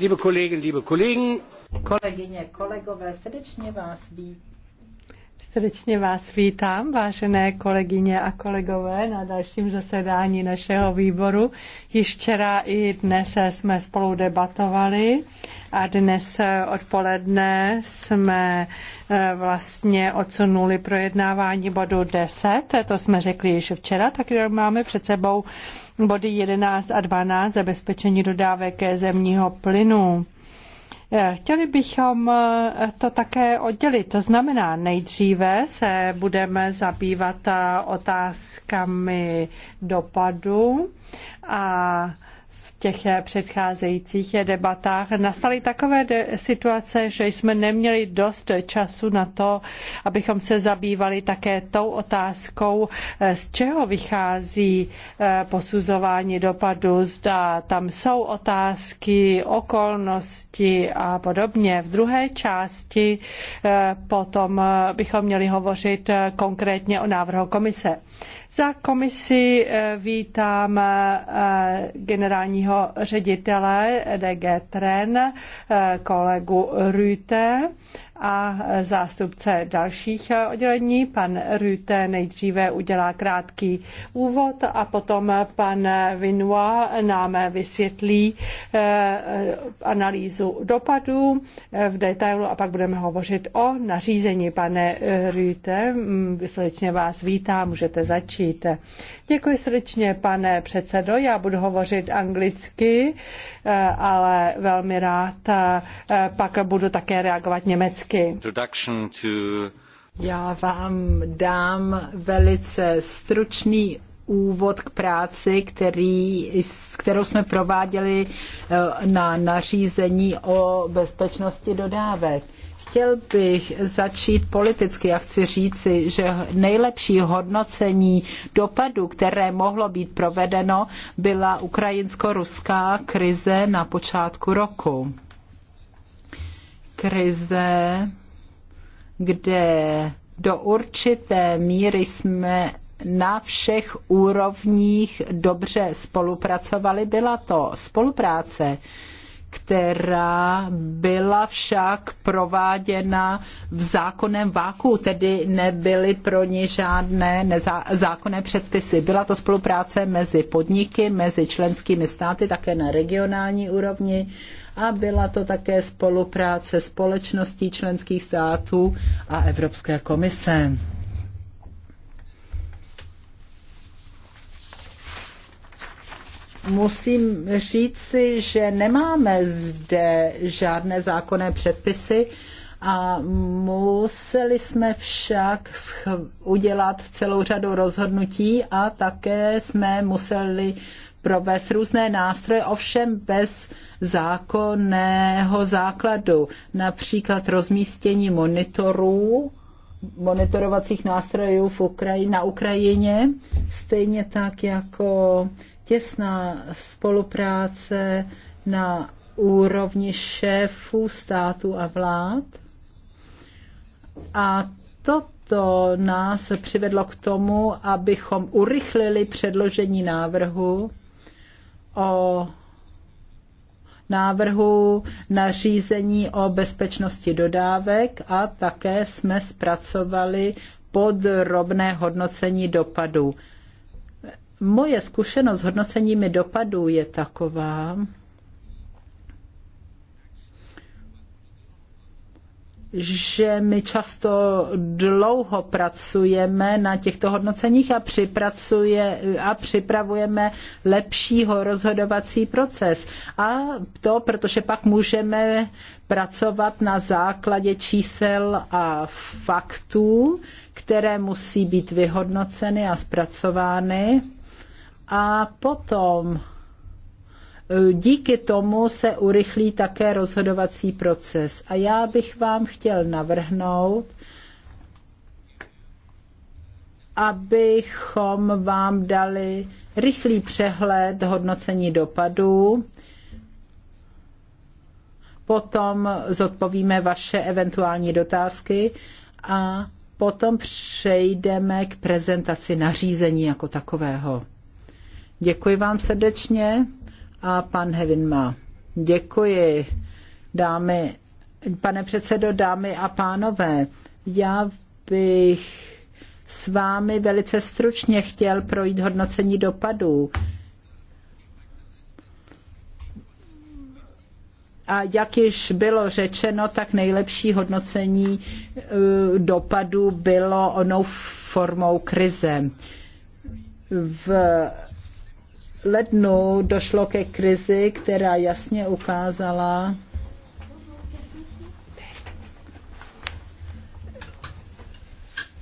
liebe Kolleginnen, liebe Kollegen. Kolegyně, kolegové, srdečně vás vítám. Srdečně vás vítám, vážené kolegyně a kolegové, na dalším zasedání našeho výboru. Již včera i dnes jsme spolu debatovali a dnes eh, odpoledne jsme eh, vlastně odsunuli projednávání bodu 10, to jsme řekli již včera, tak máme před sebou body 11 a 12, zabezpečení dodávek zemního plynu. Eh, chtěli bychom to také oddělit. To znamená, nejdříve se budeme zabývat otázkami dopadu a těch eh, předcházejících eh, debatách nastaly takové situace, že jsme neměli dost času na to, abychom se zabývali také tou otázkou, eh, z čeho vychází posuzování dopadu, zda tam jsou otázky, okolnosti a podobně. V druhé části potom bychom měli hovořit konkrétně o návrhu komise. Za komisi eh, vítám eh, generálního ředitele DG Tren, eh, kolegu Rüte a zástupce dalších oddělení. Pan Rüte nejdříve udělá krátký úvod a potom pan Vinua nám vysvětlí eh, analýzu dopadů eh, v detailu a pak budeme hovořit o nařízení. Pane eh, Rüte, mm, srdečně vás vítám, můžete začít. Děkuji srdečně, pane předsedo. Já budu hovořit anglicky, ale velmi rád pak budu také reagovat německy výsledky. Já vám dám velice stručný úvod k práci, který, kterou jsme prováděli eh, na nařízení o bezpečnosti dodávek. Chtěl bych začít politicky. a chci říci, že nejlepší hodnocení dopadu, které mohlo být provedeno, byla ukrajinsko-ruská krize na počátku roku krize, kde do určité míry jsme na všech úrovních dobře spolupracovali. Byla to spolupráce, která byla však prováděna v zákonném váku, tedy nebyly pro ně žádné nezá, zákonné předpisy. Byla to spolupráce mezi podniky, mezi členskými státy, také na regionální úrovni a byla to také spolupráce společností členských států a Evropské komise. Musím říci, že nemáme zde žádné zákonné předpisy, a museli jsme však udělat celou řadu rozhodnutí a také jsme museli provést různé nástroje, ovšem bez zákonného základu, například rozmístění monitorů, monitorovacích nástrojů v Ukraji, na Ukrajině, stejně tak jako těsná spolupráce na úrovni šéfů států a vlád. A toto nás přivedlo k tomu, abychom urychlili předložení návrhu o návrhu nařízení o bezpečnosti dodávek a také jsme zpracovali podrobné hodnocení dopadů. Moje zkušenost s hodnoceními dopadů je taková, že my často dlouho pracujeme na těchto hodnoceních a, a připravujeme lepšího rozhodovací proces. A to, protože pak můžeme pracovat na základě čísel a faktů, které musí být vyhodnoceny a zpracovány. A potom Díky tomu se urychlí také rozhodovací proces. A já bych vám chtěl navrhnout, abychom vám dali rychlý přehled hodnocení dopadů. Potom zodpovíme vaše eventuální dotázky a potom přejdeme k prezentaci nařízení jako takového. Děkuji vám srdečně a pan Hevinma. Děkuji, dámy, pane předsedo, dámy a pánové. Já bych s vámi velice stručně chtěl projít hodnocení dopadů. A jak již bylo řečeno, tak nejlepší hodnocení e, dopadů bylo onou formou krize. V lednu došlo ke krizi, která jasně ukázala,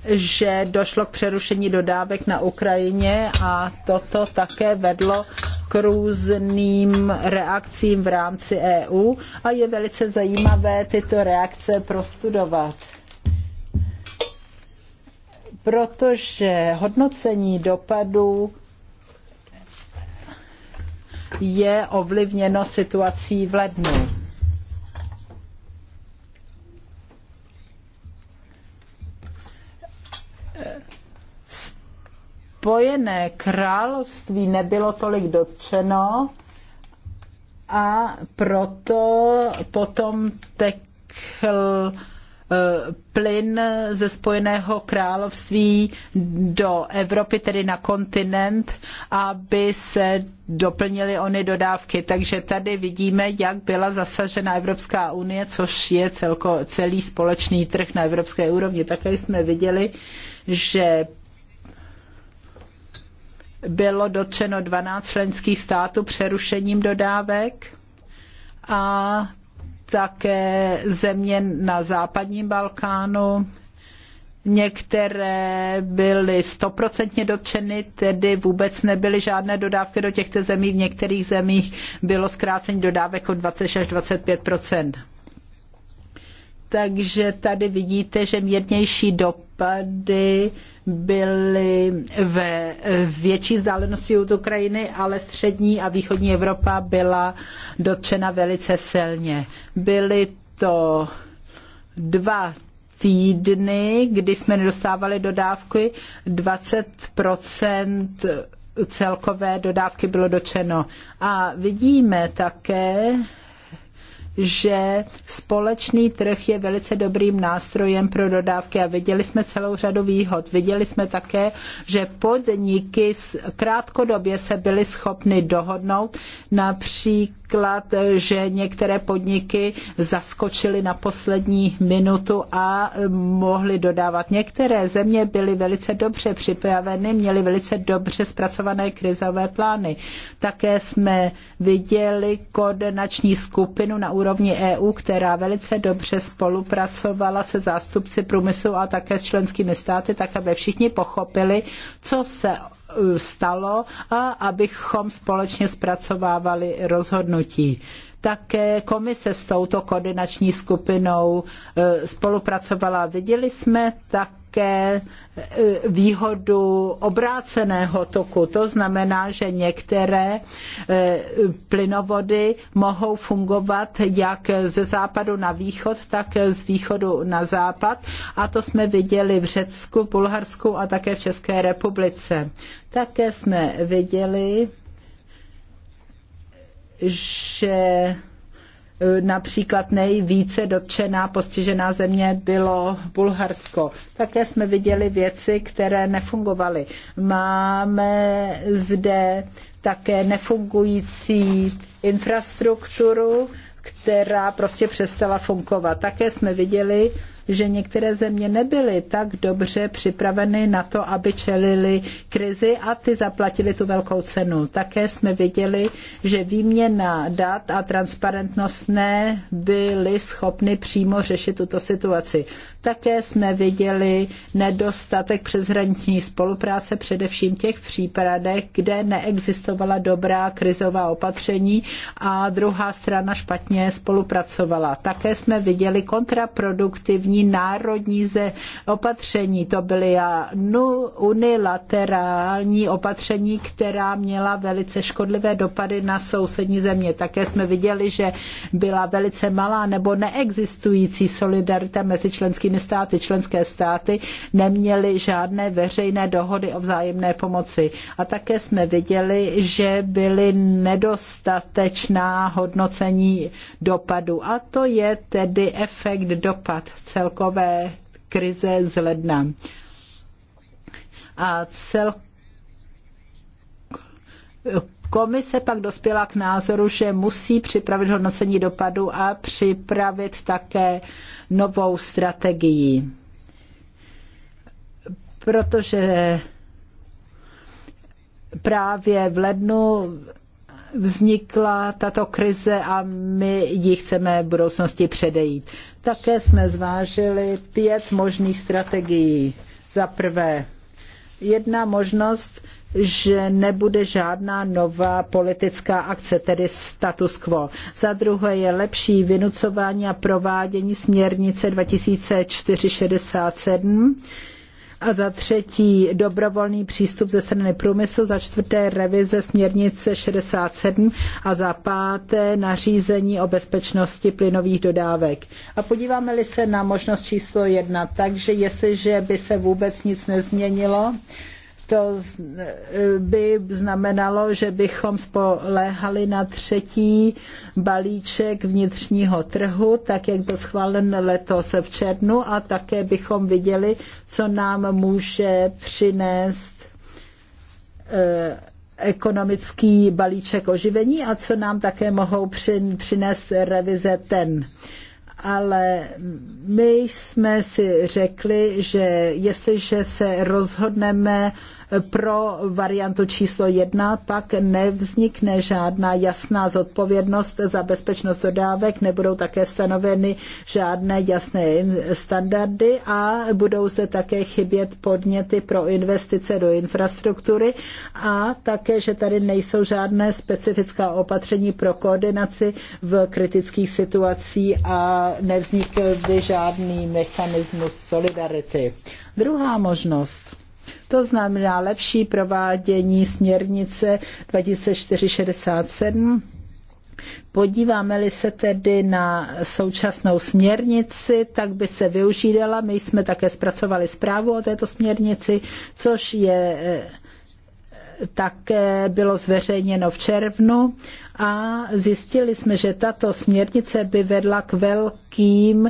že došlo k přerušení dodávek na Ukrajině a toto také vedlo k různým reakcím v rámci EU a je velice zajímavé tyto reakce prostudovat. Protože hodnocení dopadů je ovlivněno situací v lednu. Spojené království nebylo tolik dotčeno a proto potom tekl Eh, plyn ze Spojeného království do Evropy, tedy na kontinent, aby se doplnily ony dodávky. Takže tady vidíme, jak byla zasažena Evropská unie, což je celko, celý společný trh na evropské úrovni. Také jsme viděli, že bylo dotčeno 12 členských států přerušením dodávek a také země na západním Balkánu. Některé byly stoprocentně dotčeny, tedy vůbec nebyly žádné dodávky do těchto zemí. V některých zemích bylo zkrácení dodávek o 20 až 25 takže tady vidíte, že mírnější dopady byly ve větší vzdálenosti od Ukrajiny, ale střední a východní Evropa byla dotčena velice silně. Byly to dva týdny, kdy jsme nedostávali dodávky, 20 celkové dodávky bylo dočeno. A vidíme také, že společný trh je velice dobrým nástrojem pro dodávky a viděli jsme celou řadu výhod. Viděli jsme také, že podniky krátkodobě se byly schopny dohodnout, například, že některé podniky zaskočily na poslední minutu a e, mohly dodávat. Některé země byly velice dobře připraveny, měly velice dobře zpracované krizové plány. Také jsme viděli koordinační skupinu na úrovni úrovni EU, která velice dobře spolupracovala se zástupci průmyslu a také s členskými státy, tak aby všichni pochopili, co se uh, stalo a abychom společně zpracovávali rozhodnutí. Také komise s touto koordinační skupinou uh, spolupracovala. Viděli jsme tak také e, výhodu obráceného toku. To znamená, že některé e, plynovody mohou fungovat jak ze západu na východ, tak z východu na západ. A to jsme viděli v Řecku, Bulharsku a také v České republice. Také jsme viděli, že Eh, například nejvíce dotčená postižená země bylo Bulharsko. Také jsme viděli věci, které nefungovaly. Máme zde také nefungující infrastrukturu, která prostě přestala fungovat. Také jsme viděli, že některé země nebyly tak dobře připraveny na to, aby čelili krizi a ty zaplatili tu velkou cenu. Také jsme viděli, že výměna dat a transparentnost nebyly schopny přímo řešit tuto situaci. Také jsme viděli nedostatek přeshraniční spolupráce, především těch případech, kde neexistovala dobrá krizová opatření a druhá strana špatně spolupracovala. Také jsme viděli kontraproduktivní národní ze opatření. To byly unilaterální opatření, která měla velice škodlivé dopady na sousední země. Také jsme viděli, že byla velice malá nebo neexistující solidarita mezi členskými státy, členské státy neměly žádné veřejné dohody o vzájemné pomoci. A také jsme viděli, že byly nedostatečná hodnocení dopadu. A to je tedy efekt dopad celkové krize z ledna. A celkově Komise pak dospěla k názoru, že musí připravit hodnocení dopadu a připravit také novou strategii. Protože právě v lednu vznikla tato krize a my ji chceme v budoucnosti předejít. Také jsme zvážili pět možných strategií. Za prvé, jedna možnost že nebude žádná nová politická akce, tedy status quo. Za druhé je lepší vynucování a provádění směrnice 2467 a za třetí dobrovolný přístup ze strany průmyslu, za čtvrté revize směrnice 67 a za páté nařízení o bezpečnosti plynových dodávek. A podíváme-li se na možnost číslo jedna, takže jestliže by se vůbec nic nezměnilo, to by znamenalo, že bychom spoléhali na třetí balíček vnitřního trhu, tak jak byl schválen letos v červnu a také bychom viděli, co nám může přinést e, ekonomický balíček oživení a co nám také mohou přinést revize ten ale my jsme si řekli, že jestliže se rozhodneme pro variantu číslo jedna pak nevznikne žádná jasná zodpovědnost za bezpečnost dodávek, nebudou také stanoveny žádné jasné standardy a budou zde také chybět podněty pro investice do infrastruktury a také, že tady nejsou žádné specifická opatření pro koordinaci v kritických situacích a nevznikl by žádný mechanismus solidarity. Druhá možnost to znamená lepší provádění směrnice 2467 Podíváme-li se tedy na současnou směrnici, tak by se využídala. My jsme také zpracovali zprávu o této směrnici, což je eh, také bylo zveřejněno v červnu a zjistili jsme, že tato směrnice by vedla k velkým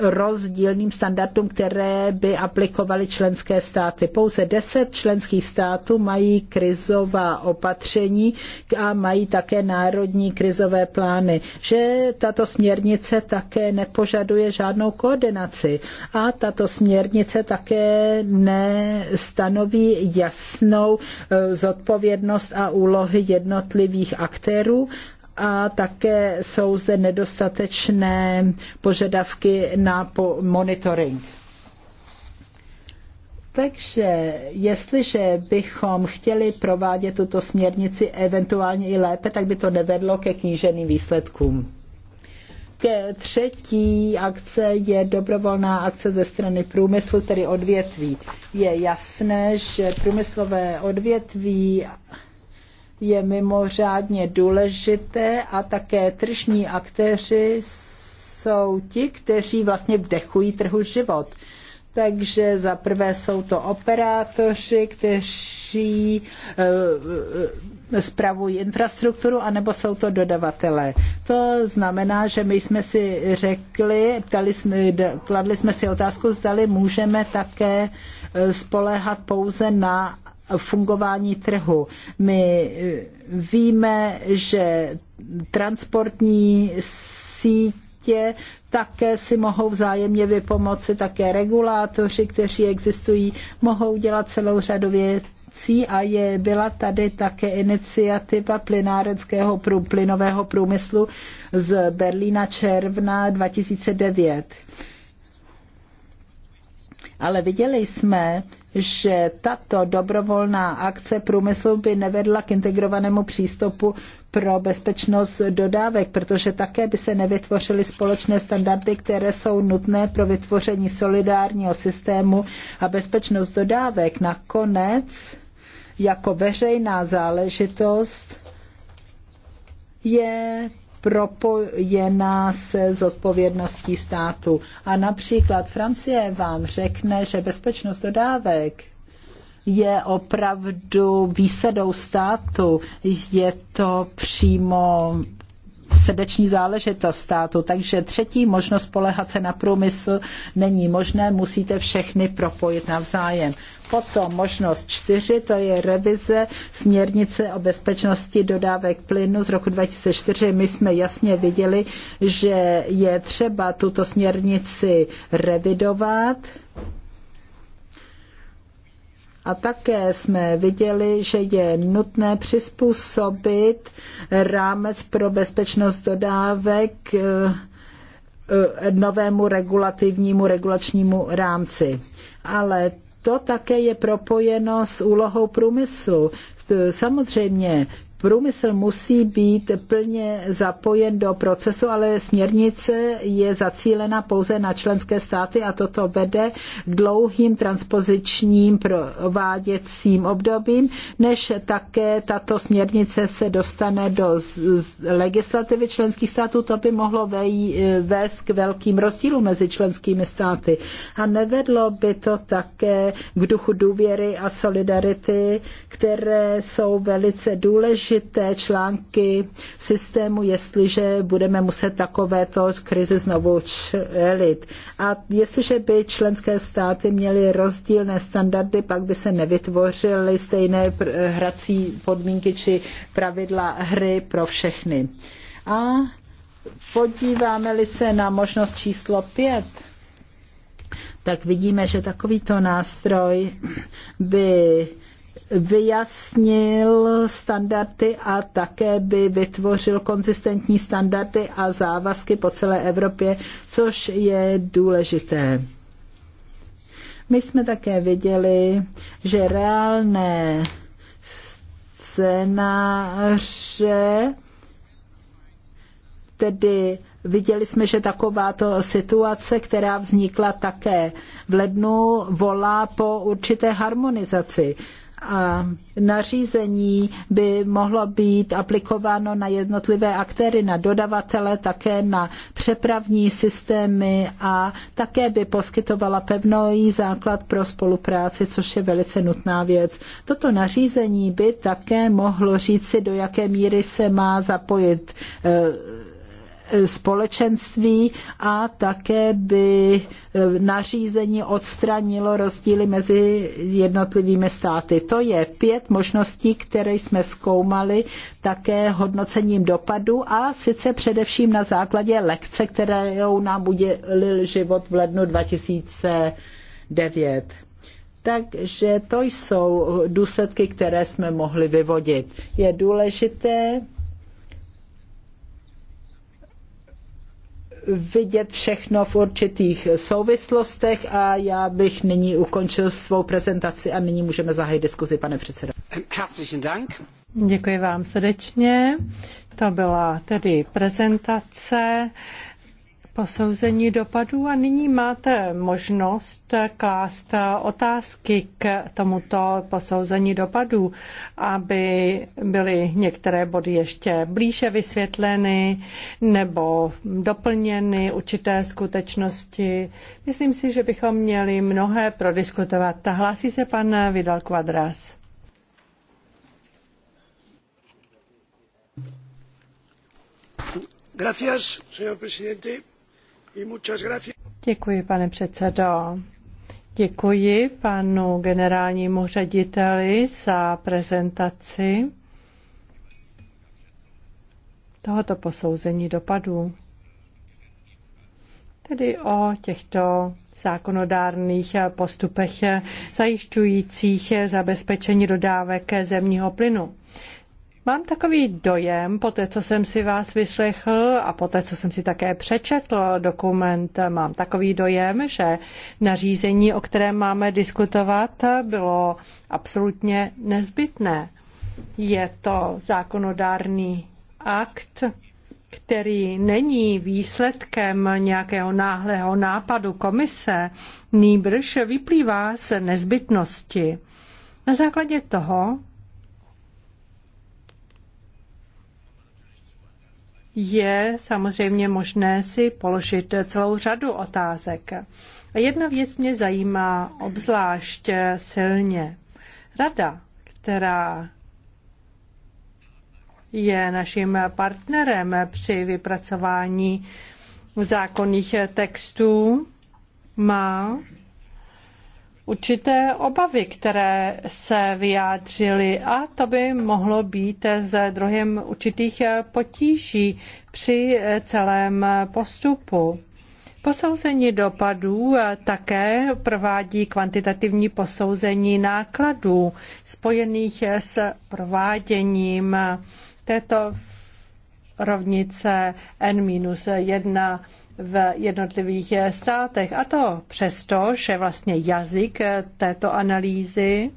rozdílným standardům, které by aplikovaly členské státy. Pouze deset členských států mají krizová opatření a mají také národní krizové plány. Že tato směrnice také nepožaduje žádnou koordinaci a tato směrnice také nestanoví jasnou eh, zodpovědnost a úlohy jednotlivých aktérů a také jsou zde nedostatečné požadavky na monitoring. Takže jestliže bychom chtěli provádět tuto směrnici eventuálně i lépe, tak by to nevedlo ke kníženým výsledkům. Ke třetí akce je dobrovolná akce ze strany průmyslu, tedy odvětví. Je jasné, že průmyslové odvětví je mimořádně důležité a také tržní aktéři jsou ti, kteří vlastně vdechují trhu život. Takže za prvé jsou to operátoři, kteří eh, spravují infrastrukturu, anebo jsou to dodavatelé. To znamená, že my jsme si řekli, ptali jsme, kladli jsme si otázku, zdali můžeme také eh, spoléhat pouze na fungování trhu. My eh, víme, že transportní sítě také si mohou vzájemně vypomoci, také regulátoři, kteří existují, mohou dělat celou řadu věcí a je, byla tady také iniciativa plynárenského prů, plynového průmyslu z Berlína června 2009 ale viděli jsme, že tato dobrovolná akce průmyslu by nevedla k integrovanému přístupu pro bezpečnost dodávek, protože také by se nevytvořily společné standardy, které jsou nutné pro vytvoření solidárního systému a bezpečnost dodávek. Nakonec, jako veřejná záležitost, je propojená se zodpovědností státu. A například Francie vám řekne, že bezpečnost dodávek je opravdu výsadou státu. Je to přímo srdeční záležitost státu, takže třetí možnost polehat se na průmysl není možné, musíte všechny propojit navzájem. Potom možnost čtyři, to je revize směrnice o bezpečnosti dodávek plynu z roku 2004. My jsme jasně viděli, že je třeba tuto směrnici revidovat a také jsme viděli, že je nutné přizpůsobit rámec pro bezpečnost dodávek eh, eh, novému regulativnímu regulačnímu rámci. Ale to také je propojeno s úlohou průmyslu. Samozřejmě Průmysl musí být plně zapojen do procesu, ale směrnice je zacílena pouze na členské státy a toto vede k dlouhým transpozičním prováděcím obdobím, než také tato směrnice se dostane do legislativy členských států. To by mohlo vést k velkým rozdílům mezi členskými státy. A nevedlo by to také k duchu důvěry a solidarity, které jsou velice důležité určité články systému, jestliže budeme muset takovéto krizi znovu čelit. A jestliže by členské státy měly rozdílné standardy, pak by se nevytvořily stejné hrací podmínky či pravidla hry pro všechny. A podíváme-li se na možnost číslo pět, tak vidíme, že takovýto nástroj by vyjasnil standardy a také by vytvořil konzistentní standardy a závazky po celé Evropě, což je důležité. My jsme také viděli, že reálné scénáře, tedy viděli jsme, že takováto situace, která vznikla také v lednu, volá po určité harmonizaci a nařízení by mohlo být aplikováno na jednotlivé aktéry, na dodavatele, také na přepravní systémy a také by poskytovala pevný základ pro spolupráci, což je velice nutná věc. Toto nařízení by také mohlo říci, do jaké míry se má zapojit eh, společenství a také by e, nařízení odstranilo rozdíly mezi jednotlivými státy. To je pět možností, které jsme zkoumali také hodnocením dopadu a sice především na základě lekce, kterou nám udělil život v lednu 2009. Takže to jsou důsledky, které jsme mohli vyvodit. Je důležité, vidět všechno v určitých souvislostech a já bych nyní ukončil svou prezentaci a nyní můžeme zahájit diskuzi, pane předsedo. Děkuji vám srdečně. To byla tedy prezentace posouzení dopadů a nyní máte možnost klást otázky k tomuto posouzení dopadů, aby byly některé body ještě blíže vysvětleny nebo doplněny určité skutečnosti. Myslím si, že bychom měli mnohé prodiskutovat. Hlásí se pan Vidal Quadras. Gracias, señor presidente. Děkuji, pane předsedo. Děkuji panu generálnímu řediteli za prezentaci tohoto posouzení dopadů. Tedy o těchto zákonodárných postupech zajišťujících zabezpečení dodávek zemního plynu. Mám takový dojem, po té, co jsem si vás vyslechl a po té, co jsem si také přečetl dokument, mám takový dojem, že nařízení, o kterém máme diskutovat, bylo absolutně nezbytné. Je to zákonodárný akt, který není výsledkem nějakého náhlého nápadu komise, nýbrž vyplývá z nezbytnosti. Na základě toho je samozřejmě možné si položit celou řadu otázek. A jedna věc mě zajímá obzvlášť silně. Rada, která je naším partnerem při vypracování zákonných textů, má určité obavy, které se vyjádřily a to by mohlo být druhým určitých potíží při celém postupu. Posouzení dopadů také provádí kvantitativní posouzení nákladů spojených s prováděním této rovnice N-1 v jednotlivých státech. A to přesto, že vlastně jazyk této analýzy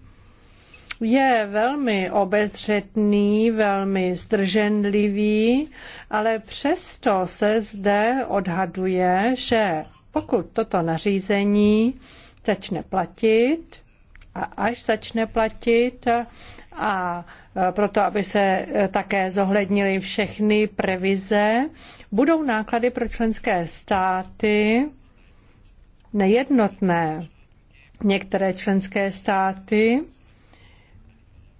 je velmi obezřetný, velmi zdrženlivý, ale přesto se zde odhaduje, že pokud toto nařízení začne platit, a až začne platit a Eh, proto aby se eh, také zohlednily všechny previze, budou náklady pro členské státy nejednotné. Některé členské státy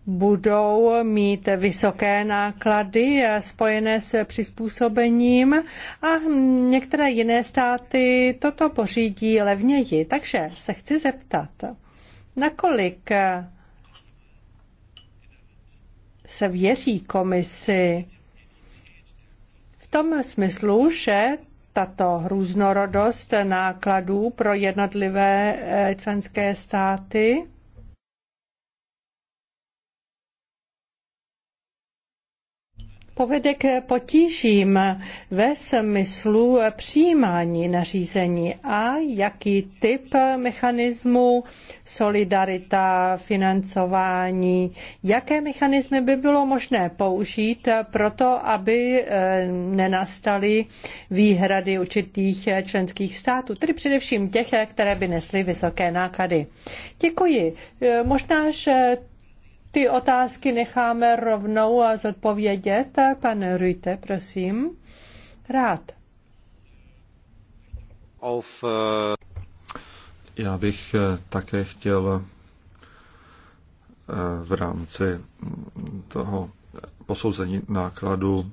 budou mít vysoké náklady eh, spojené s přizpůsobením a některé jiné státy toto pořídí levněji. Takže se chci zeptat, nakolik se věří komisi v tom smyslu, že tato různorodost nákladů pro jednotlivé eh, členské státy povede k potížím ve smyslu přijímání nařízení a jaký typ mechanismu, solidarita, financování, jaké mechanismy by bylo možné použít pro to, aby eh, nenastaly výhrady určitých členských států, tedy především těch, které by nesly vysoké náklady. Děkuji. Eh, možná, že ty otázky necháme rovnou zodpovědět. pane Rüte, prosím. Rád. Of, uh... Já bych eh, také chtěl eh, v rámci toho posouzení nákladu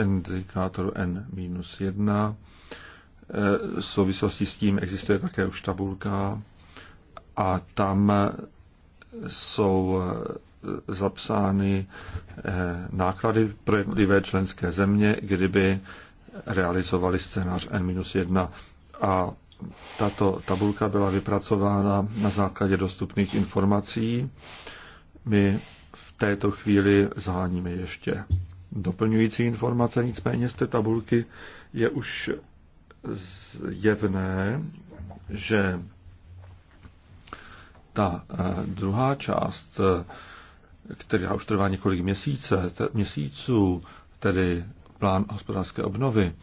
indikátoru N-1 v souvislosti s tím existuje také už tabulka a tam jsou eh, zapsány eh, náklady pro jednotlivé členské země, kdyby realizovali scénář N-1. A tato tabulka byla vypracována na základě dostupných informací. My v této chvíli zháníme ještě doplňující informace, nicméně z té tabulky je už zjevné, že ta eh, druhá část, eh, která už trvá několik měsíce, měsíců, tedy plán hospodářské obnovy,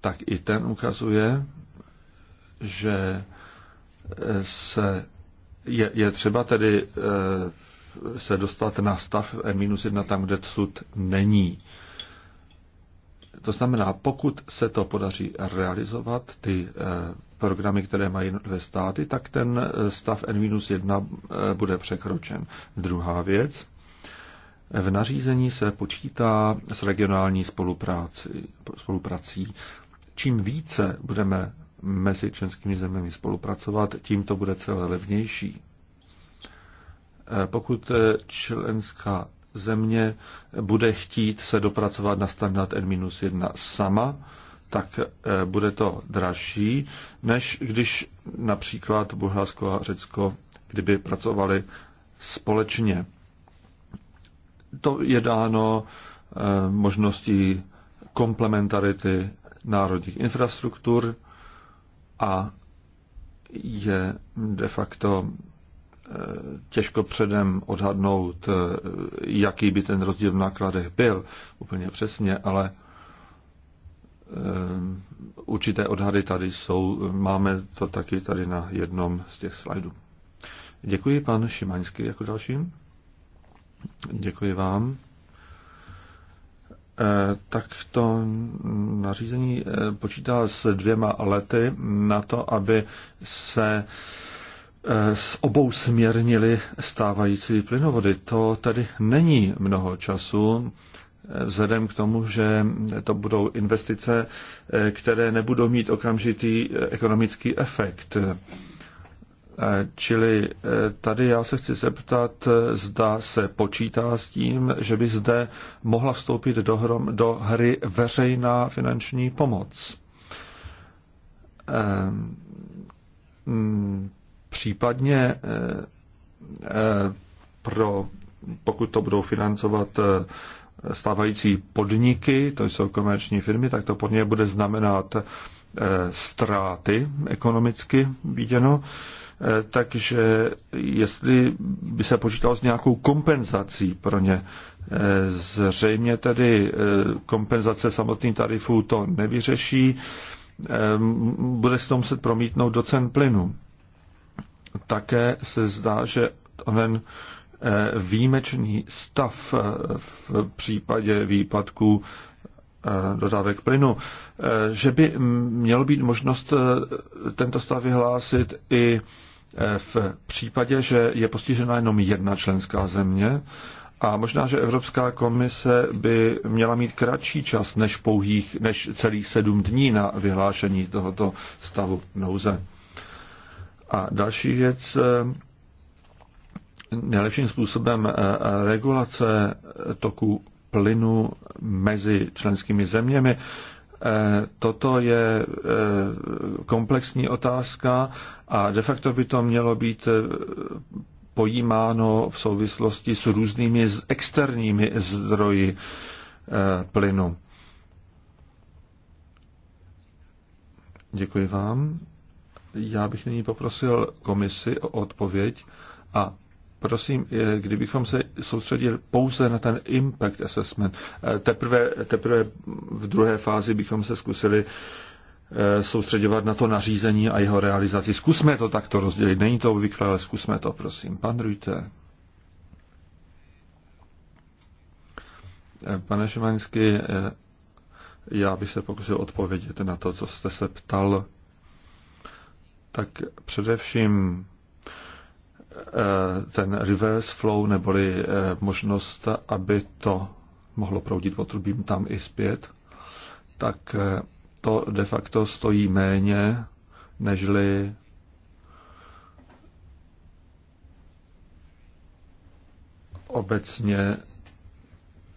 tak i ten ukazuje, že eh, se je, je třeba tedy se dostat na stav e minus jedna tam, kde sud není. To znamená, pokud se to podaří realizovat, ty programy, které mají dvě státy, tak ten stav N-1 eh, bude překročen. Druhá věc, v nařízení se počítá s regionální spolupráci. spoluprací. Čím více budeme mezi členskými zeměmi spolupracovat, tím to bude celé levnější. Eh, pokud eh, členská země bude chtít se dopracovat na standard N-1 sama, tak eh, bude to dražší, než když například Bulharsko a Řecko, kdyby pracovali společně. To je dáno eh, možností komplementarity národních infrastruktur a je de facto eh, těžko předem odhadnout, jaký by ten rozdíl v nákladech byl úplně přesně, ale Ehm, určité odhady tady jsou. Máme to taky tady na jednom z těch slajdů. Děkuji pan Šimaňský jako dalším. Děkuji vám. Ehm, tak to nařízení ehm, počítá s dvěma lety na to, aby se s obou směrnili stávající plynovody. To tedy není mnoho času vzhledem k tomu, že to budou investice, které nebudou mít okamžitý ekonomický efekt. Čili e, tady já se chci zeptat, zda se počítá s tím, že by zde mohla vstoupit do, hrom, do hry veřejná finanční pomoc. E, případně e, pro, pokud to budou financovat stávající podniky, to jsou komerční firmy, tak to pod ně bude znamenat eh, ztráty ekonomicky viděno. Eh, takže jestli by se počítalo s nějakou kompenzací pro ně, eh, zřejmě tedy kompenzace samotných tarifů to nevyřeší, bude se to muset promítnout do cen plynu. Také se zdá, že onen Eh, výjimečný stav eh, v případě výpadku eh, dodávek plynu, že by měl být možnost tento stav vyhlásit i v případě, že je postižena jenom jedna členská země a možná, že Evropská komise by měla mít kratší čas než pouhých, než celých sedm dní na vyhlášení tohoto stavu nouze. A další věc, nejlepším způsobem eh, eh, regulace toku plynu mezi členskými zeměmi. Eh, toto je komplexní otázka a de facto by to mělo být pojímáno v souvislosti s různými externími zdroji plynu. Děkuji vám. Já bych nyní poprosil komisi o odpověď a prosím, eh, kdybychom se soustředili pouze na ten impact assessment, eh, teprve, teprve v druhé fázi bychom se zkusili eh, soustředovat na to nařízení a jeho realizaci. Zkusme to takto rozdělit. Není to obvyklé, ale zkusme to, prosím. Pan Rujte. Pane Šimaňský, já bych se pokusil odpovědět na to, co jste se ptal. Tak především Eh, ten reverse flow, neboli eh, možnost, aby to mohlo proudit potrubím tam i zpět, tak eh, to de facto stojí méně, nežli obecně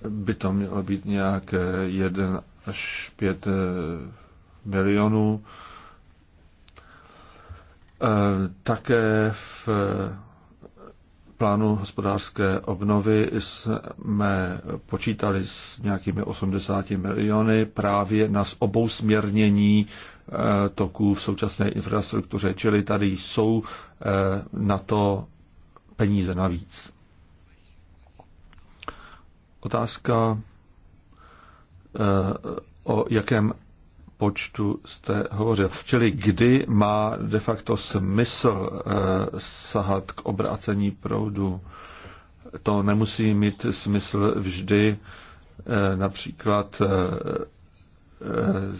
by to mělo být nějak 1 až 5 milionů. Také v plánu hospodářské obnovy jsme počítali s nějakými 80 miliony právě na obou směrnění eh, toků v současné infrastruktuře, čili tady jsou eh, na to peníze navíc. Otázka, eh, o jakém počtu jste hovořil. Čili kdy má de facto smysl eh, sahat k obrácení proudu? To nemusí mít smysl vždy eh, například eh,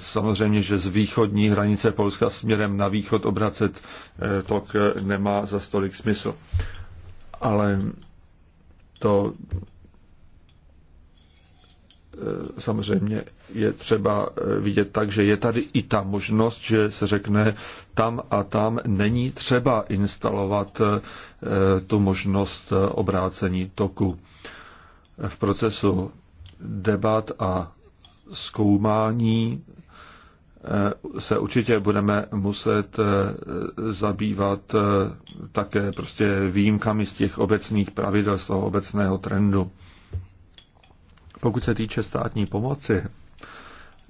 samozřejmě, že z východní hranice Polska směrem na východ obracet tok nemá za stolik smysl. Ale to Eh, samozřejmě je třeba eh, vidět tak, že je tady i ta možnost, že se řekne tam a tam není třeba instalovat eh, tu možnost obrácení toku. V procesu debat a zkoumání se určitě budeme muset zabývat také prostě výjimkami z těch obecných pravidel, z toho obecného trendu. Pokud se týče státní pomoci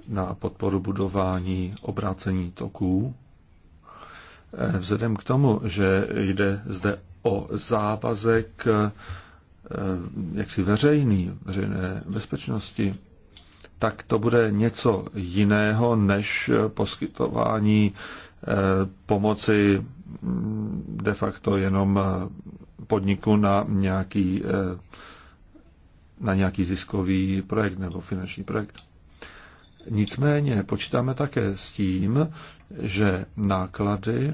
na podporu budování obrácení toků, eh, vzhledem k tomu, že jde zde o závazek eh, jaksi veřejný, veřejné bezpečnosti, tak to bude něco jiného než poskytování eh, pomoci mm, de facto jenom podniku na nějaký na nějaký ziskový projekt nebo finanční projekt. Nicméně počítáme také s tím, že náklady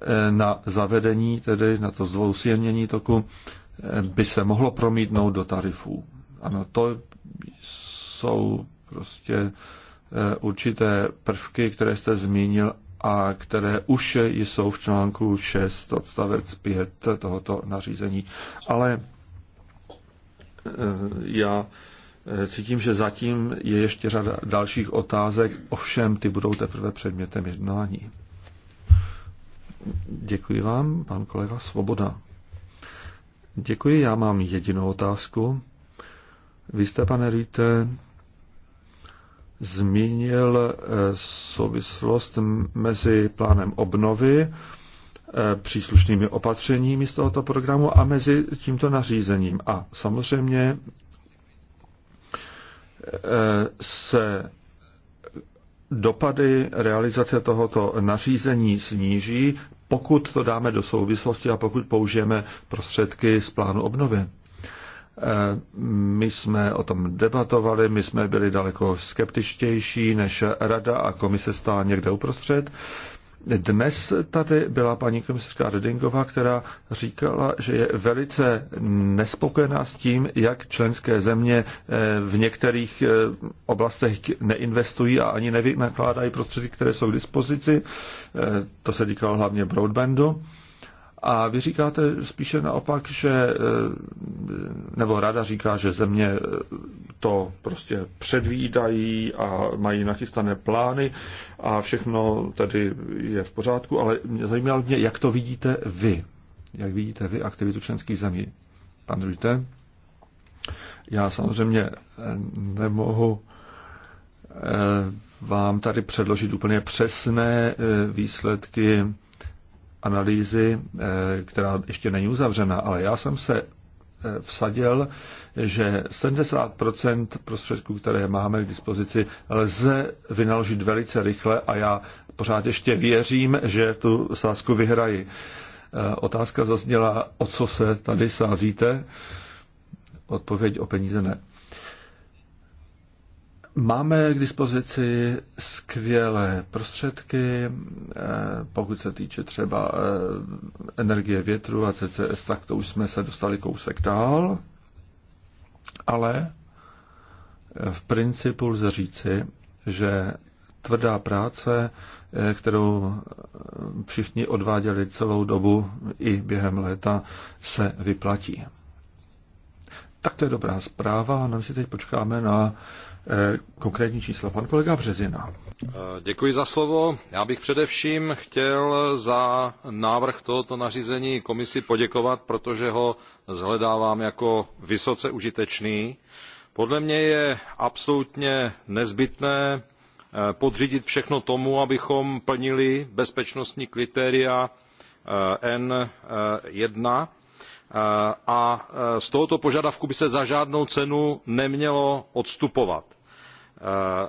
eh, na zavedení, tedy na to zvousilnění toku, eh, by se mohlo promítnout do tarifů. Ano, to jsou prostě eh, určité prvky, které jste zmínil a které už jsou v článku 6 odstavec 5 tohoto nařízení. Ale Eh, já eh, cítím, že zatím je ještě řada dalších otázek, ovšem ty budou teprve předmětem jednání. Děkuji vám, pan kolega Svoboda. Děkuji, já mám jedinou otázku. Vy jste, pane Rýte, zmínil eh, souvislost mezi plánem obnovy Eh, příslušnými opatřeními z tohoto programu a mezi tímto nařízením. A samozřejmě eh, se dopady realizace tohoto nařízení sníží, pokud to dáme do souvislosti a pokud použijeme prostředky z plánu obnovy. Eh, my jsme o tom debatovali, my jsme byli daleko skeptičtější, než rada a komise stála někde uprostřed. Dnes tady byla paní komisařka Redingová, která říkala, že je velice nespokojená s tím, jak členské země eh, v některých eh, oblastech neinvestují a ani nevynakládají prostředky, které jsou k dispozici. Eh, to se týkalo hlavně broadbandu. A vy říkáte spíše naopak, že, e, nebo rada říká, že země e, to prostě předvídají a mají nachystané plány a všechno tedy je v pořádku, ale mě zajímalo mě, jak to vidíte vy. Jak vidíte vy aktivitu členských zemí? Pan Rujte? Já samozřejmě e, nemohu vám tady předložit úplně přesné výsledky analýzy, eh, která ještě není uzavřena, ale já jsem se eh, vsadil, že 70 prostředků, které máme k dispozici, lze vynaložit velice rychle a já pořád ještě věřím, že tu sázku vyhraji. Eh, otázka zazněla, o co se tady sázíte? Odpověď o peníze ne. Máme k dispozici skvělé prostředky, eh, pokud se týče třeba eh, energie větru a CCS, tak to už jsme se dostali kousek dál, ale eh, v principu lze říci, že tvrdá práce, kterou všichni odváděli celou dobu i během léta, se vyplatí. Tak to je dobrá zpráva a no, my si teď počkáme na Eh, konkrétní číslo. Pan kolega Březina. Eh, děkuji za slovo. Já bych především chtěl za návrh tohoto nařízení komisi poděkovat, protože ho zhledávám jako vysoce užitečný. Podle mě je absolutně nezbytné eh, podřídit všechno tomu, abychom plnili bezpečnostní kritéria N1 a z tohoto požadavku by se za žádnou cenu nemělo odstupovat Eh,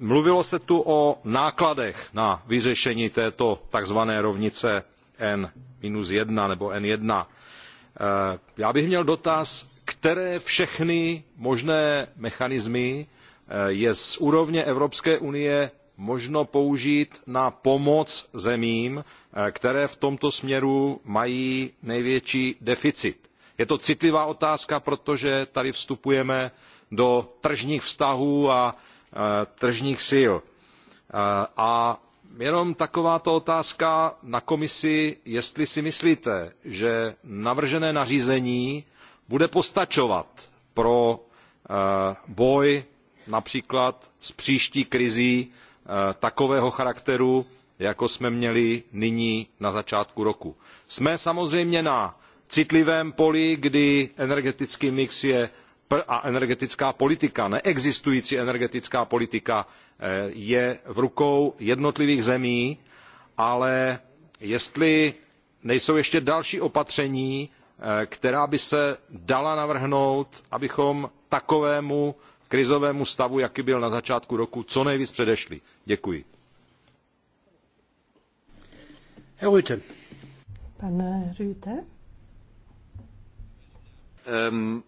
mluvilo se tu o nákladech na vyřešení této tzv. rovnice n one nebo n one eh, já bych měl dotaz které všechny možné mechanismy eh, je z úrovně evropské unie možno použít na pomoc zemím které v tomto směru mají největší deficit. je to citlivá otázka protože tady vstupujeme do tržních vztahů a e, tržních sil. E, a jenom takováto otázka na komisi, jestli si myslíte, že navržené nařízení bude postačovat pro e, boj například s příští krizí takového charakteru, jako jsme měli nyní na začátku roku. Jsme samozřejmě na citlivém poli, kdy energetický mix je a energetická politika neexistující energetická politika eh, je v rukou jednotlivých zemí ale jestli nejsou ještě další opatření eh, která by se dala navrhnout abychom takovému krizovému stavu jaký byl na začátku roku co nejvíce předešli. děkuji. Pane Rüte. Um,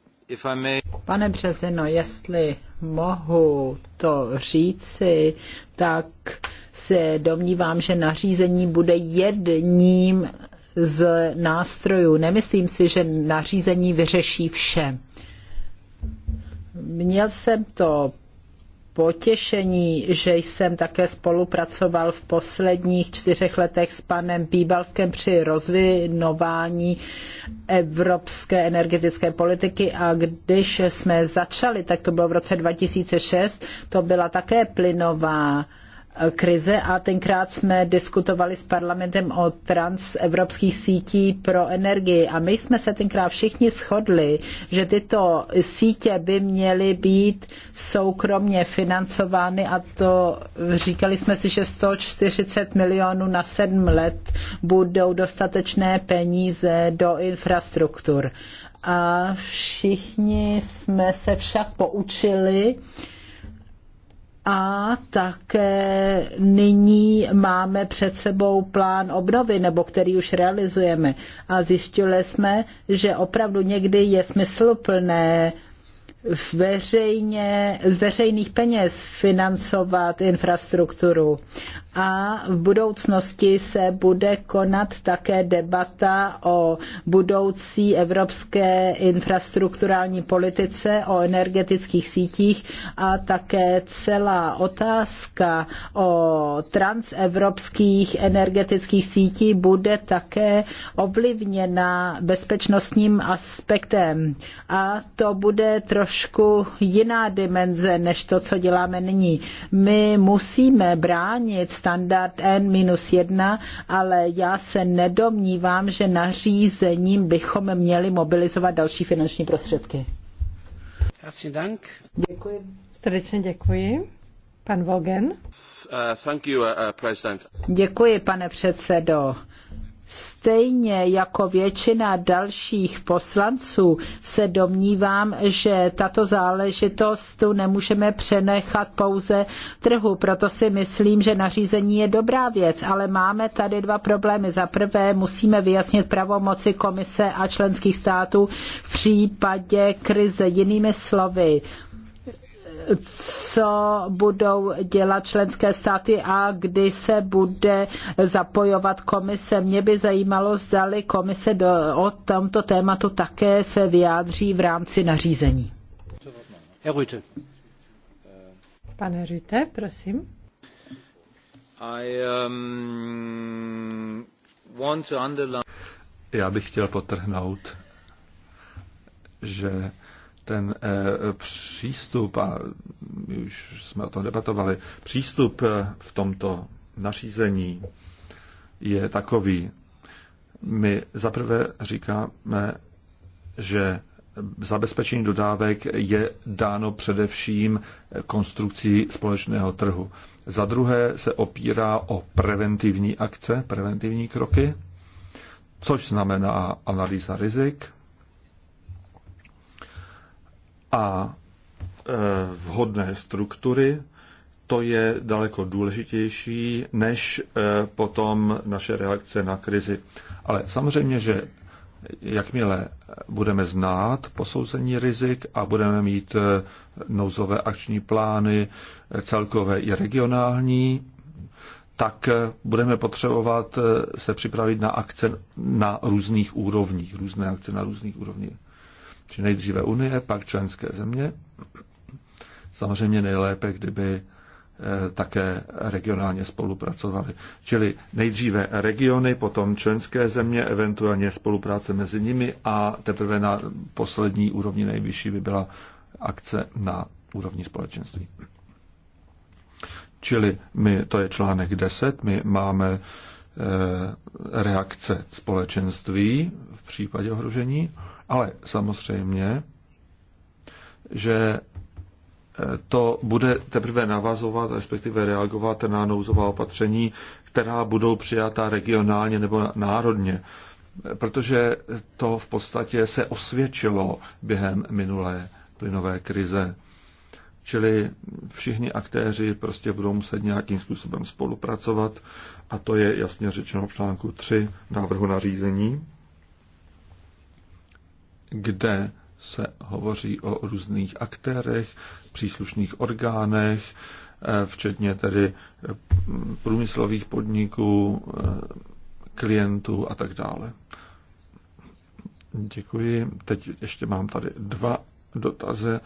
Pane Březino, jestli mohu to říci, tak se domnívám, že nařízení bude jedním z nástrojů. Nemyslím si, že nařízení vyřeší vše. Měl jsem to potěšení, že jsem také spolupracoval v posledních čtyřech letech s panem Bíbalskem při rozvinování evropské energetické politiky a když jsme začali, tak to bylo v roce 2006, to byla také plynová krize a tenkrát jsme diskutovali s parlamentem o transevropských sítí pro energii a my jsme se tenkrát všichni shodli, že tyto sítě by měly být soukromně financovány a to říkali jsme si, že 140 milionů na 7 let budou dostatečné peníze do infrastruktur. A všichni jsme se však poučili, a také nyní máme před sebou plán obnovy, nebo který už realizujeme. A zjistili jsme, že opravdu někdy je smysluplné veřejně, z veřejných peněz financovat infrastrukturu a v budoucnosti se bude konat také debata o budoucí evropské infrastrukturální politice, o energetických sítích a také celá otázka o transevropských energetických sítí bude také ovlivněna bezpečnostním aspektem. A to bude trošku jiná dimenze než to, co děláme nyní. My musíme bránit standard N-1, ale já se nedomnívám, že nařízením bychom měli mobilizovat další finanční prostředky. Děkuji. Srdečně děkuji. Pan Vogen. Uh, uh, uh, děkuji, pane předsedo. Stejně jako většina dalších poslanců se domnívám, že tato záležitost tu nemůžeme přenechat pouze trhu, proto si myslím, že nařízení je dobrá věc, ale máme tady dva problémy. Za prvé musíme vyjasnit pravomoci komise a členských států v případě krize. Jinými slovy, co budou dělat členské státy a kdy se bude zapojovat komise. Mě by zajímalo, zdali komise do, o tomto tématu také se vyjádří v rámci nařízení. Pane Rüte, prosím. I, um, want to underline... Já bych chtěl potrhnout, že ten eh, přístup, a my už jsme o tom debatovali, přístup eh, v tomto nařízení je takový. My zaprvé říkáme, že zabezpečení dodávek je dáno především konstrukcí společného trhu. Za druhé se opírá o preventivní akce, preventivní kroky, což znamená analýza rizik, a e, vhodné struktury, to je daleko důležitější než e, potom naše reakce na krizi. Ale samozřejmě, že jakmile budeme znát posouzení rizik a budeme mít e, nouzové akční plány celkové i regionální, tak budeme potřebovat se připravit na akce na různých úrovních, různé akce na různých úrovních. Či nejdříve Unie, pak členské země. Samozřejmě nejlépe, kdyby eh, také regionálně spolupracovali. Čili nejdříve regiony, potom členské země, eventuálně spolupráce mezi nimi a teprve na poslední úrovni nejvyšší by byla akce na úrovni společenství. Čili my, to je článek 10, my máme eh, reakce společenství v případě ohrožení ale samozřejmě, že eh, to bude teprve navazovat, respektive reagovat na nouzová opatření, která budou přijata regionálně nebo národně. Protože to v podstatě se osvědčilo během minulé plynové krize. Čili všichni aktéři prostě budou muset nějakým způsobem spolupracovat a to je jasně řečeno v článku 3 návrhu nařízení kde se hovoří o různých aktérech, příslušných orgánech, eh, včetně tedy eh, průmyslových podniků, eh, klientů a tak dále. Děkuji. Teď ještě mám tady dva dotazy,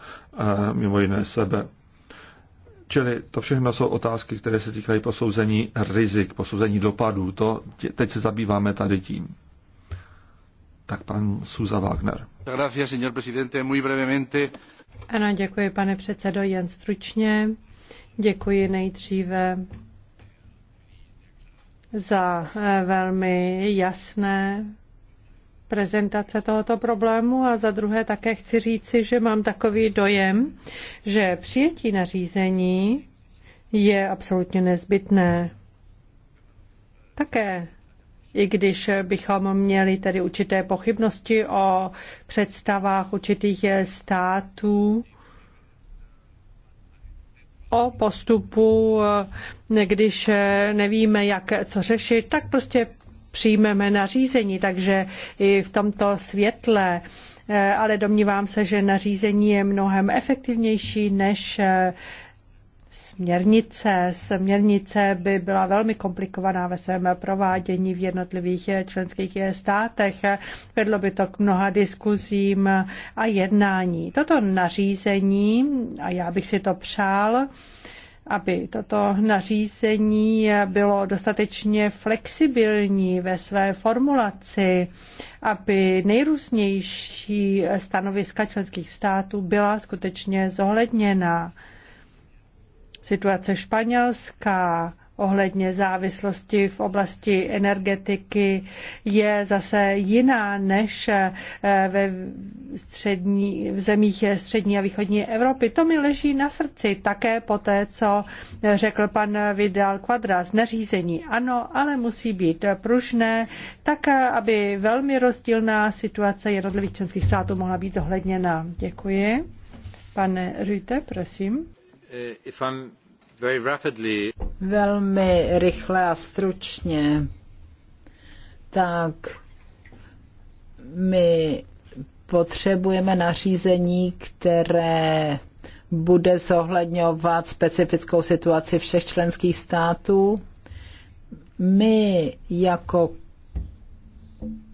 mimo jiné sebe. Čili to všechno jsou otázky, které se týkají posouzení rizik, posouzení dopadů. To, teď se zabýváme tady tím tak pan Suza Wagner. Ano, děkuji, pane předsedo, jen stručně. Děkuji nejdříve za eh, velmi jasné prezentace tohoto problému a za druhé také chci říci, že mám takový dojem, že přijetí nařízení je absolutně nezbytné. Také i když bychom měli tedy určité pochybnosti o představách určitých států, o postupu, když nevíme, jak co řešit, tak prostě přijmeme nařízení, takže i v tomto světle, eh, ale domnívám se, že nařízení je mnohem efektivnější než eh, směrnice. Směrnice by byla velmi komplikovaná ve svém provádění v jednotlivých členských státech. Vedlo by to k mnoha diskuzím a jednání. Toto nařízení, a já bych si to přál, aby toto nařízení bylo dostatečně flexibilní ve své formulaci, aby nejrůznější stanoviska členských států byla skutečně zohledněna. Situace španělská ohledně závislosti v oblasti energetiky je zase jiná než eh, ve střední, v zemích střední a východní Evropy. To mi leží na srdci také po té, co řekl pan Vidal Quadras. Neřízení ano, ale musí být pružné, tak eh, aby velmi rozdílná situace jednotlivých členských států mohla být zohledněna. Děkuji. Pane Rüte, prosím. Eh, if I'm Velmi rychle a stručně. Tak my potřebujeme nařízení, které bude zohledňovat specifickou situaci všech členských států. My jako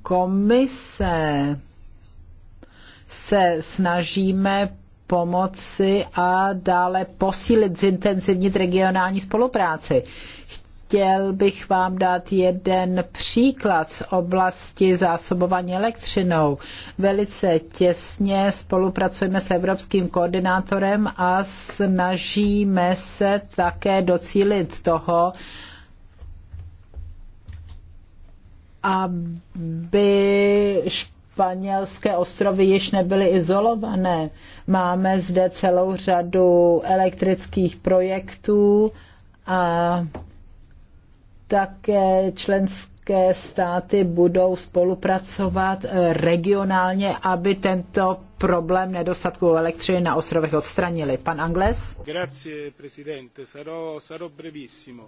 komise se snažíme pomoci a dále posílit, zintenzivnit regionální spolupráci. Chtěl bych vám dát jeden příklad z oblasti zásobování elektřinou. Velice těsně spolupracujeme s evropským koordinátorem a snažíme se také docílit toho, aby španělské ostrovy již nebyly izolované. Máme zde celou řadu elektrických projektů a také členské státy budou spolupracovat regionálně, aby tento problém nedostatku elektřiny na ostrovech odstranili. Pan Angles? Grazie, presidente. Sarò, sarò brevissimo.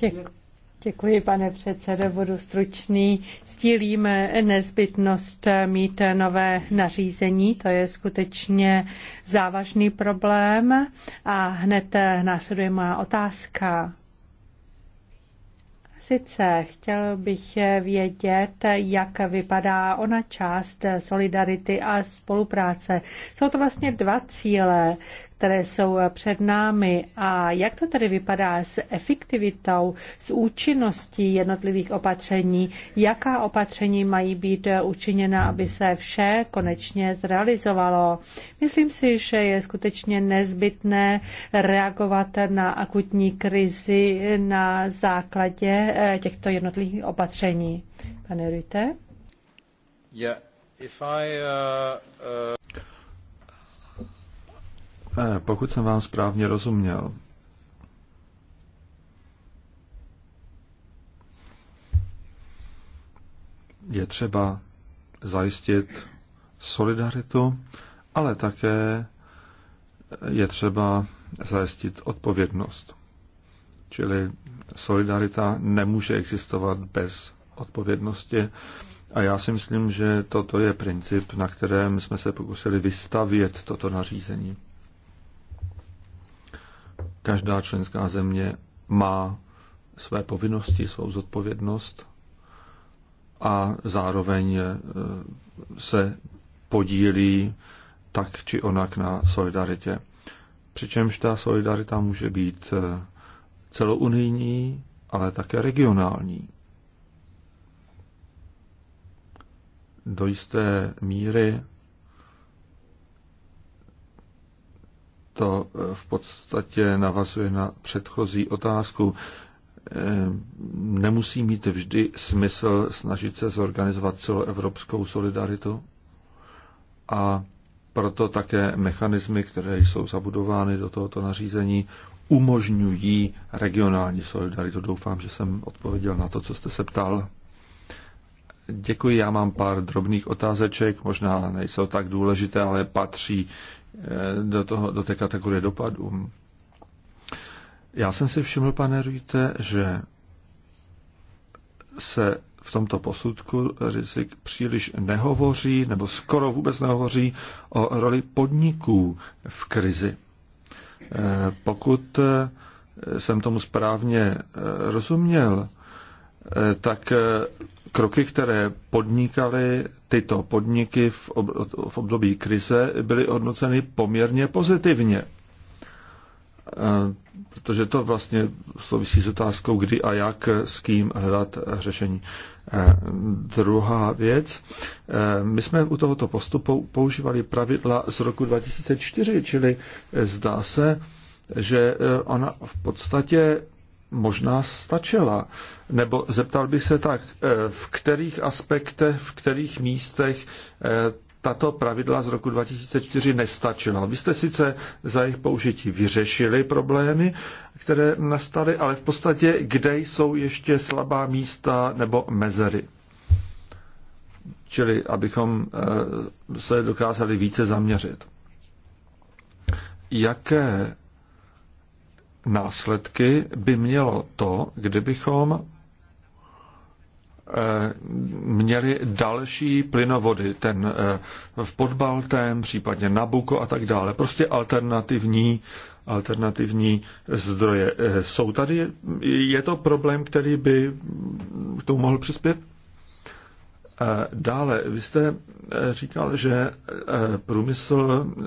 Děkuji. Děkuji, pane předsedo, budu stručný. Stílíme nezbytnost mít nové nařízení, to je skutečně závažný problém. A hned následuje má otázka. Sice chtěl bych vědět, jak vypadá ona část solidarity a spolupráce. Jsou to vlastně dva cíle, které jsou eh, před námi a jak to tedy vypadá s efektivitou, s účinností jednotlivých opatření, jaká opatření mají být eh, učiněna, aby se vše konečně zrealizovalo. Myslím si, že je skutečně nezbytné reagovat na akutní krizi na základě eh, těchto jednotlivých opatření. Pane Rüte? Yeah. If I, uh, uh... E, pokud jsem vám správně rozuměl, je třeba zajistit solidaritu, ale také je třeba zajistit odpovědnost. Čili solidarita nemůže existovat bez odpovědnosti. A já si myslím, že toto je princip, na kterém jsme se pokusili vystavět toto nařízení. Každá členská země má své povinnosti, svou zodpovědnost a zároveň eh, se podílí tak či onak na solidaritě. Přičemž ta solidarita může být eh, celounijní, ale také regionální. Do jisté míry to eh, v podstatě navazuje na předchozí otázku. Eh, nemusí mít vždy smysl snažit se zorganizovat celoevropskou solidaritu a proto také mechanismy, které jsou zabudovány do tohoto nařízení, umožňují regionální solidaritu. Doufám, že jsem odpověděl na to, co jste se ptal. Děkuji, já mám pár drobných otázeček, možná nejsou tak důležité, ale patří Eh, do, toho, do té kategorie dopadů. Já jsem si všiml, pane Rujte, že se v tomto posudku rizik příliš nehovoří, nebo skoro vůbec nehovoří o roli podniků v krizi. Eh, pokud eh, jsem tomu správně rozuměl, tak kroky, které podnikaly tyto podniky v období krize, byly hodnoceny poměrně pozitivně. Protože to vlastně souvisí s otázkou, kdy a jak s kým hledat řešení. Druhá věc, my jsme u tohoto postupu používali pravidla z roku 2004, čili zdá se, že ona v podstatě možná stačila. Nebo zeptal bych se tak, eh, v kterých aspektech, v kterých místech eh, tato pravidla z roku 2004 nestačila. Vy jste sice za jejich použití vyřešili problémy, které nastaly, ale v podstatě kde jsou ještě slabá místa nebo mezery. Čili abychom eh, se dokázali více zaměřit. Jaké následky by mělo to, kdybychom eh, měli další plynovody, ten eh, v Podbaltém, případně Nabuko a tak dále. Prostě alternativní, alternativní zdroje. Eh, jsou tady, je to problém, který by k tomu mohl přispět? Dále, vy jste eh, říkal, že eh, průmysl eh,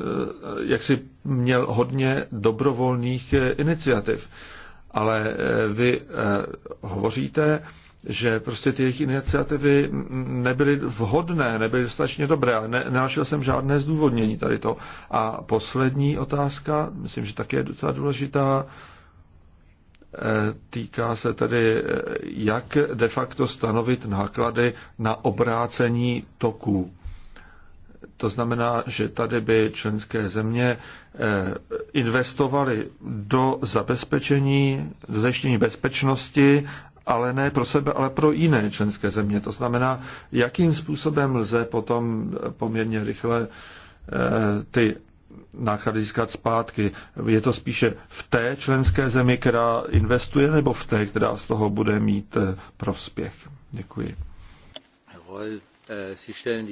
jaksi měl hodně dobrovolných iniciativ, ale vy hovoříte, že prostě ty jejich iniciativy nebyly vhodné, nebyly dostatečně dobré, ale ne, nenašel jsem žádné zdůvodnění tady to. A poslední otázka, myslím, že také je docela důležitá, Týká se tedy, jak de facto stanovit náklady na obrácení toků. To znamená, že tady by členské země eh, investovaly do zabezpečení, do zajištění bezpečnosti, ale ne pro sebe, ale pro jiné členské země. To znamená, jakým způsobem lze potom poměrně rychle eh, ty náklady získat zpátky. Je to spíše v té členské zemi, která investuje, nebo v té, která z toho bude mít eh, prospěch? Děkuji. Eh,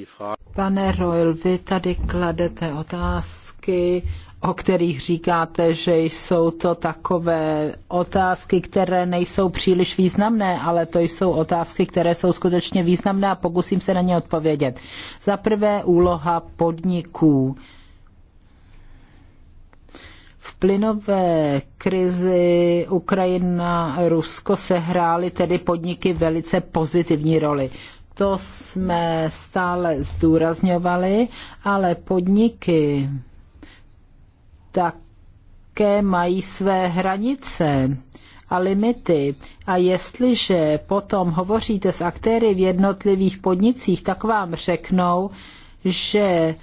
Pane Royal, vy tady kladete otázky, o kterých říkáte, že jsou to takové otázky, které nejsou příliš významné, ale to jsou otázky, které jsou skutečně významné a pokusím se na ně odpovědět. Za prvé úloha podniků. V plynové krizi Ukrajina a Rusko sehrály tedy podniky velice pozitivní roli. To jsme stále zdůrazňovali, ale podniky také mají své hranice a limity. A jestliže potom hovoříte s aktéry v jednotlivých podnicích, tak vám řeknou, že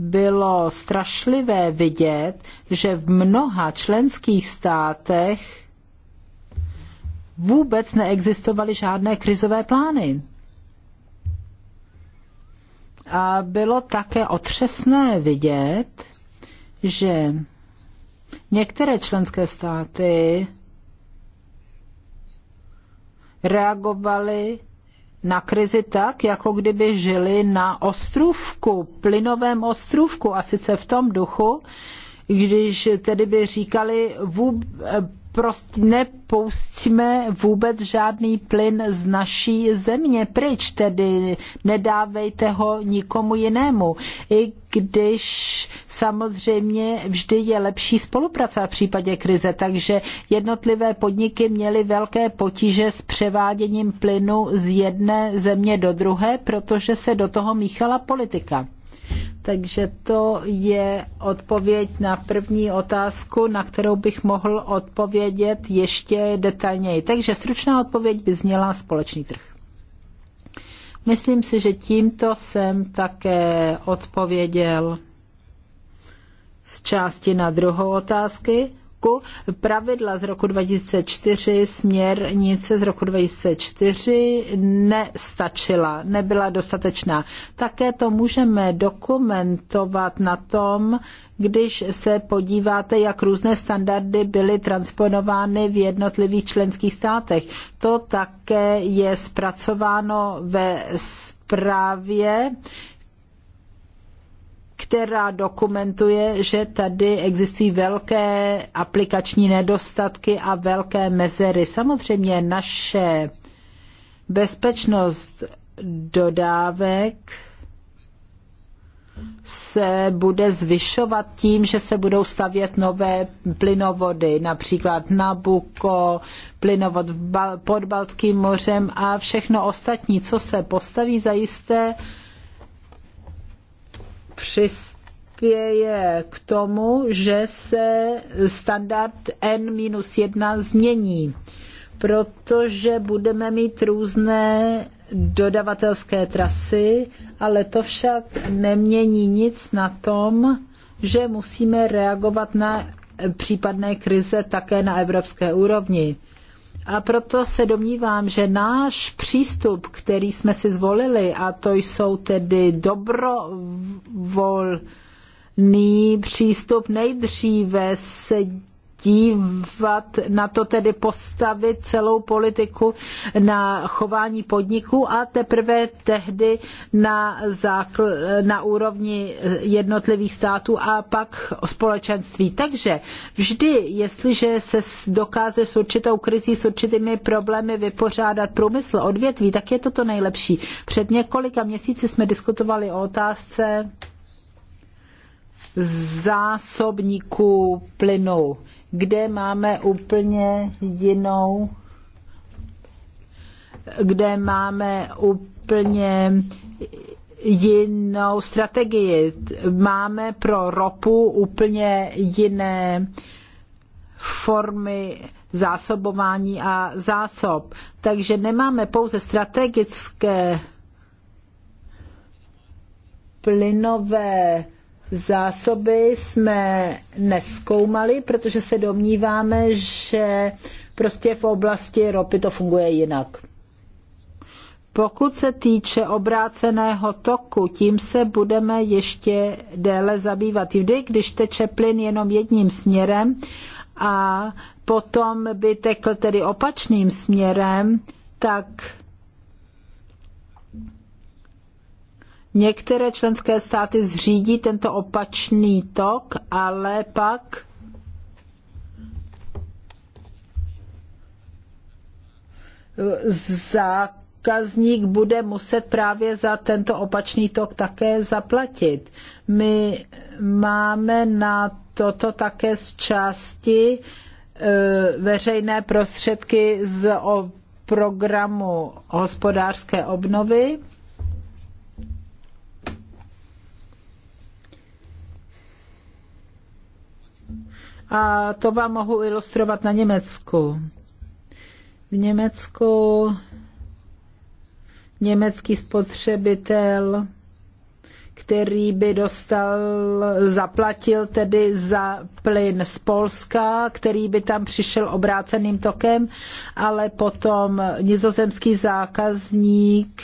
bylo strašlivé vidět, že v mnoha členských státech vůbec neexistovaly žádné krizové plány. A bylo také otřesné vidět, že některé členské státy reagovaly na krizi tak, jako kdyby žili na ostrůvku, plynovém ostrůvku a sice v tom duchu, když tedy by říkali, vůb, prostě nepustíme vůbec žádný plyn z naší země pryč, tedy nedávejte ho nikomu jinému. I když samozřejmě vždy je lepší spolupráce v případě krize, takže jednotlivé podniky měly velké potíže s převáděním plynu z jedné země do druhé, protože se do toho míchala politika. Takže to je odpověď na první otázku, na kterou bych mohl odpovědět ještě detailněji. Takže stručná odpověď by zněla společný trh. Myslím si, že tímto jsem také odpověděl z části na druhou otázky roku, pravidla z roku 2004, směrnice z roku 2004 nestačila, nebyla dostatečná. Také to můžeme dokumentovat na tom, když se podíváte, jak různé standardy byly transponovány v jednotlivých členských státech. To také je zpracováno ve zprávě, která dokumentuje, že tady existují velké aplikační nedostatky a velké mezery. Samozřejmě naše bezpečnost dodávek se bude zvyšovat tím, že se budou stavět nové plynovody, například Nabuko, plynovod pod Baltským mořem a všechno ostatní, co se postaví, zajisté přispěje k tomu, že se standard N-1 změní, protože budeme mít různé dodavatelské trasy, ale to však nemění nic na tom, že musíme reagovat na případné krize také na evropské úrovni. A proto se domnívám, že náš přístup, který jsme si zvolili, a to jsou tedy dobrovolný přístup. Nejdříve se dívat na to tedy postavit celou politiku na chování podniků a teprve tehdy na, zákl, na úrovni jednotlivých států a pak společenství. Takže vždy, jestliže se dokáže s určitou krizí, s určitými problémy vypořádat průmysl odvětví, tak je to to nejlepší. Před několika měsíci jsme diskutovali o otázce zásobníků plynu kde máme úplně jinou, kde máme úplně jinou strategii. Máme pro ropu úplně jiné formy zásobování a zásob. Takže nemáme pouze strategické plynové Zásoby jsme neskoumali, protože se domníváme, že prostě v oblasti ropy to funguje jinak. Pokud se týče obráceného toku, tím se budeme ještě déle zabývat. Vždy, když teče plyn jenom jedním směrem a potom by tekl tedy opačným směrem, tak Některé členské státy zřídí tento opačný tok, ale pak zákazník bude muset právě za tento opačný tok také zaplatit. My máme na toto také z části e, veřejné prostředky z programu hospodářské obnovy. A to vám mohu ilustrovat na Německu. V Německu německý spotřebitel, který by dostal, zaplatil tedy za plyn z Polska, který by tam přišel obráceným tokem, ale potom nizozemský zákazník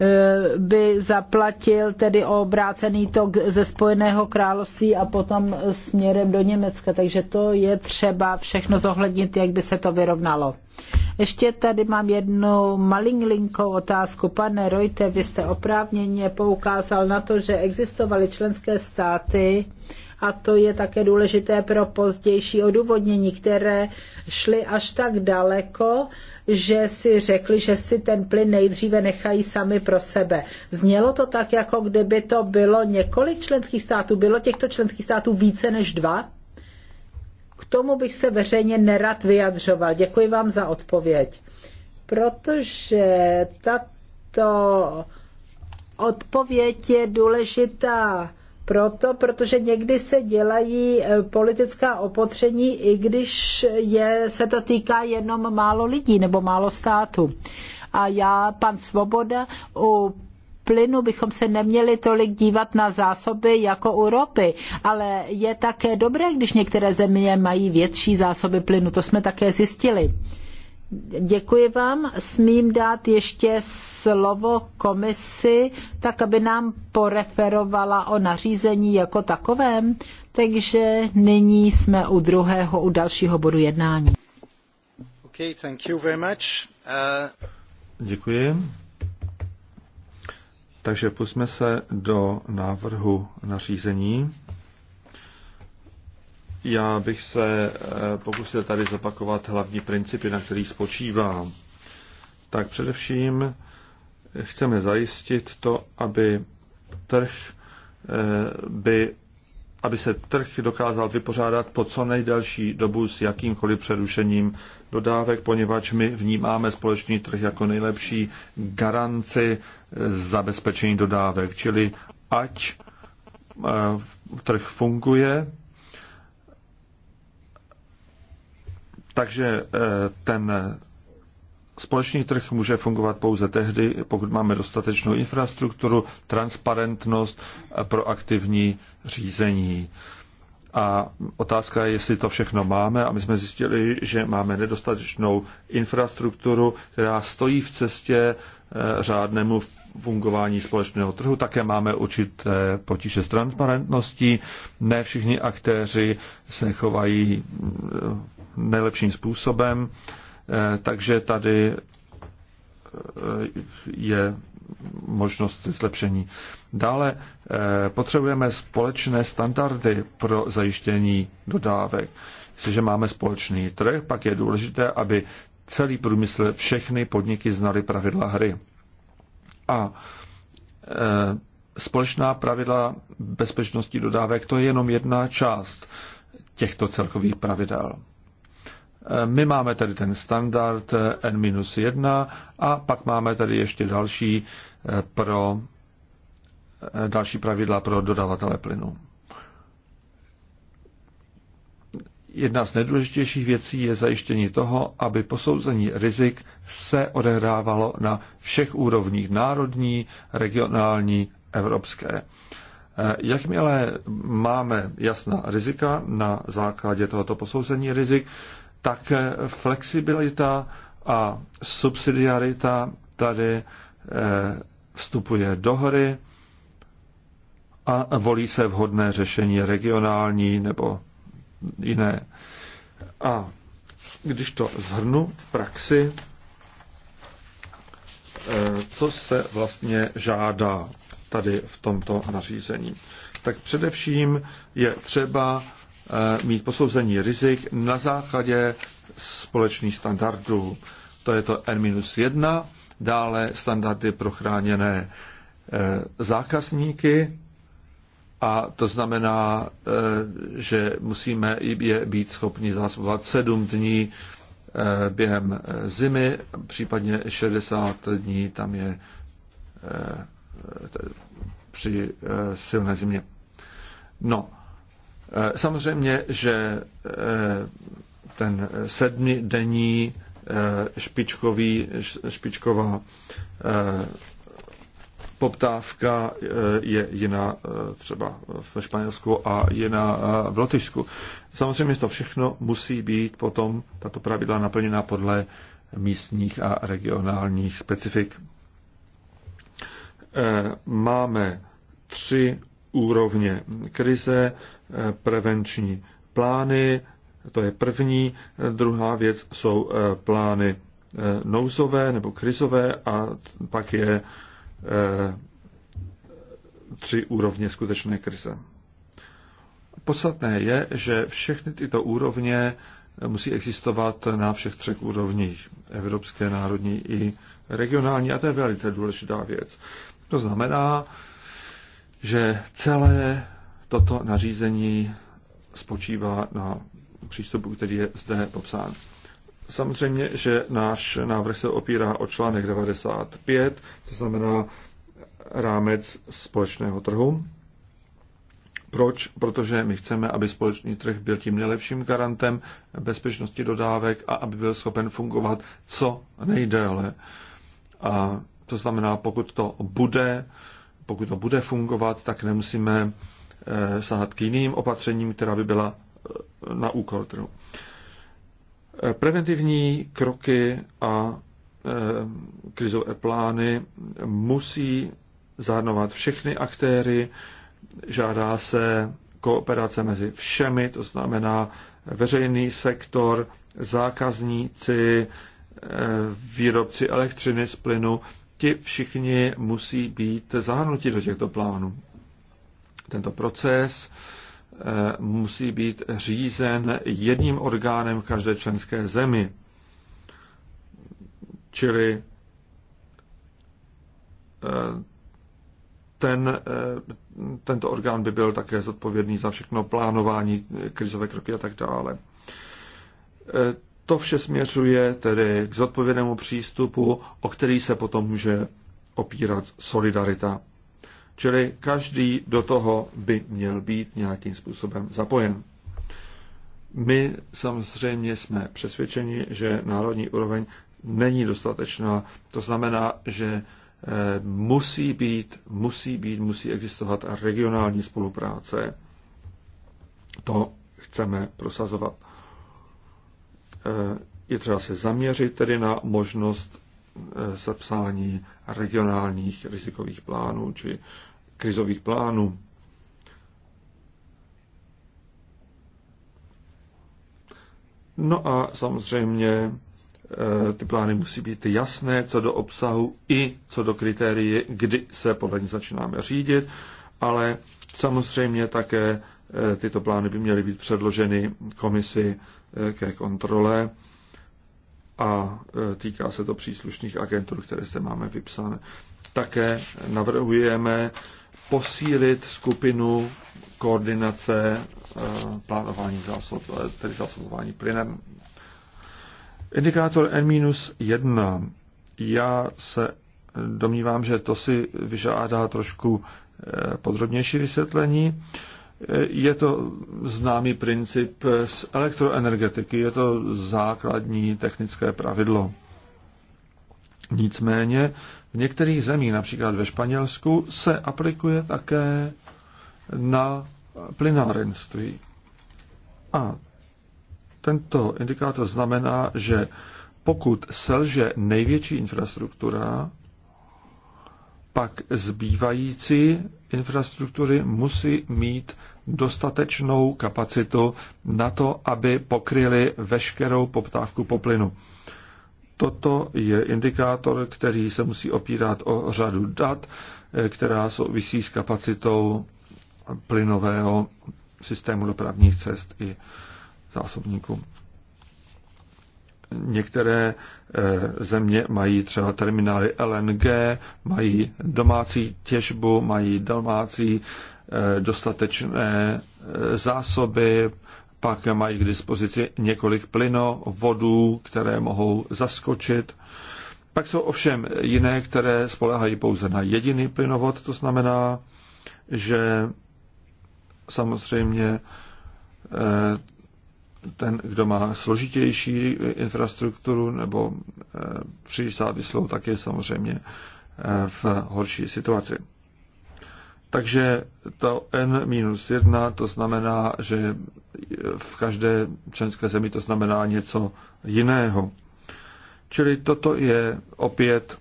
Eh, by zaplatil tedy obrácený tok ze Spojeného království a potom směrem do Německa. Takže to je třeba všechno zohlednit, jak by se to vyrovnalo. Ještě tady mám jednu malinlinkou otázku. Pane Rojte, vy jste oprávněně poukázal na to, že existovaly členské státy, a to je také důležité pro pozdější odůvodnění, které šly až tak daleko, že si řekli, že si ten plyn nejdříve nechají sami pro sebe. Znělo to tak, jako kdyby to bylo několik členských států. Bylo těchto členských států více než dva? K tomu bych se veřejně nerad vyjadřoval. Děkuji vám za odpověď. Protože tato odpověď je důležitá proto, protože někdy se dělají eh, politická opatření, i když je, se to týká jenom málo lidí nebo málo států. A já, pan Svoboda, u plynu bychom se neměli tolik dívat na zásoby jako u ropy, ale je také dobré, když některé země mají větší zásoby plynu, to jsme také zjistili. Děkuji vám. Smím dát ještě slovo komisi, tak aby nám poreferovala o nařízení jako takovém. Takže nyní jsme u druhého, u dalšího bodu jednání. Okay, thank you very much. Uh... Děkuji. Takže pusme se do návrhu nařízení. Já bych se eh, pokusil tady zopakovat hlavní principy, na kterých spočívá. Tak především chceme zajistit to, aby trh eh, by aby se trh dokázal vypořádat po co nejdelší dobu s jakýmkoliv přerušením dodávek, poněvadž my vnímáme společný trh jako nejlepší garanci eh, zabezpečení dodávek, čili ať trh funguje, Takže eh, ten společný trh může fungovat pouze tehdy, pokud máme dostatečnou infrastrukturu, transparentnost, proaktivní řízení. A otázka je, jestli to všechno máme. A my jsme zjistili, že máme nedostatečnou infrastrukturu, která stojí v cestě eh, řádnému fungování společného trhu. Také máme určité potíže s transparentností. Ne všichni aktéři se chovají eh, nejlepším způsobem. Eh, takže tady eh, je možnost zlepšení. Dále eh, potřebujeme společné standardy pro zajištění dodávek. Jestliže máme společný trh, pak je důležité, aby celý průmysl, všechny podniky znaly pravidla hry. A společná pravidla bezpečnosti dodávek, to je jenom jedna část těchto celkových pravidel. Eh, my máme tady ten standard eh, N-1 a pak máme tady ještě další eh, pro další pravidla pro dodavatele plynu. Jedna z nejdůležitějších věcí je zajištění toho, aby posouzení rizik se odehrávalo na všech úrovních národní, regionální, evropské. Jakmile máme jasná rizika na základě tohoto posouzení rizik, tak flexibilita a subsidiarita tady eh, vstupuje do hry a volí se vhodné řešení regionální nebo jiné. A když to zhrnu v praxi, eh, co se vlastně žádá tady v tomto nařízení. Tak především je třeba Eh, mít posouzení rizik na základě společných standardů. To je to N-1, dále standardy pro chráněné eh, zákazníky, a to znamená, eh, že musíme je být schopni zásobovat 7 dní během zimy, případně 60 dní tam je při silné zimě. No, Eh, samozřejmě, že eh, ten sedmidenní eh, špičkový, špičková poptávka je jiná třeba v Španělsku a jiná v Lotyšsku. Samozřejmě to všechno musí být potom tato pravidla naplněná podle místních a regionálních specifik. Máme tři úrovně krize, prevenční plány, to je první. Druhá věc jsou eh, plány eh, nouzové nebo krizové a pak je eh, tři úrovně skutečné krize. Podstatné je, že všechny tyto úrovně musí existovat na všech třech úrovních, evropské, národní i regionální, a to je velice důležitá věc. To znamená, že celé Toto nařízení spočívá na přístupu, který je zde popsán. Samozřejmě, že náš návrh se opírá o článek 95, to znamená rámec společného trhu. Proč? Protože my chceme, aby společný trh byl tím nejlepším garantem bezpečnosti dodávek a aby byl schopen fungovat co nejdéle. A to znamená, pokud to bude, pokud to bude fungovat, tak nemusíme Eh, sahat k jiným opatřením, která by byla eh, na úkor trhu. Eh, preventivní kroky a krizové plány musí zahrnovat všechny aktéry, žádá se kooperace mezi všemi, to znamená veřejný sektor, zákazníci, výrobci elektřiny z plynu, ti všichni musí být zahrnuti do těchto plánů. Tento proces eh, musí být řízen jedním orgánem každé členské zemi. Čili eh, ten, eh, tento orgán by byl také zodpovědný za všechno plánování, krizové kroky a tak dále. To vše směřuje tedy k zodpovědnému přístupu, o který se potom může opírat solidarita. Čili každý do toho by měl být nějakým způsobem zapojen. My samozřejmě jsme přesvědčeni, že národní úroveň není dostatečná. To znamená, že eh, musí být, musí být, musí existovat regionální spolupráce. To chceme prosazovat. Eh, je třeba se zaměřit tedy na možnost sepsání eh, regionálních rizikových plánů či krizových plánů. No a samozřejmě eh, ty plány musí být jasné co do obsahu i co do kritérií, kdy se podle ní začínáme řídit, ale samozřejmě také eh, tyto plány by měly být předloženy komisi eh, ke kontrole a e, týká se to příslušných agentur, které zde máme vypsané. Také navrhujeme posílit skupinu koordinace e, plánování zásob, e, tedy zásobování plynem. Indikátor N-1. Já se domnívám, že to si vyžádá trošku podrobnější vysvětlení. Je to známý princip z elektroenergetiky, je to základní technické pravidlo. Nicméně v některých zemích, například ve Španělsku, se aplikuje také na plynárenství. A tento indikátor znamená, že pokud selže největší infrastruktura, pak zbývající infrastruktury musí mít dostatečnou kapacitu na to, aby pokryly veškerou poptávku po plynu. Toto je indikátor, který se musí opírat o řadu dat, eh, která souvisí s kapacitou plynového systému dopravních cest i zásobníků některé eh, země mají třeba terminály LNG, mají domácí těžbu, mají domácí eh, dostatečné eh, zásoby, pak mají k dispozici několik vodů, které mohou zaskočit. Pak jsou ovšem jiné, které spolehají pouze na jediný plynovod, to znamená, že samozřejmě ten, kdo má složitější infrastrukturu nebo eh, příliš závislou, tak je samozřejmě eh, v horší situaci. Takže to N-1, to znamená, že v každé členské zemi to znamená něco jiného. Čili toto je opět,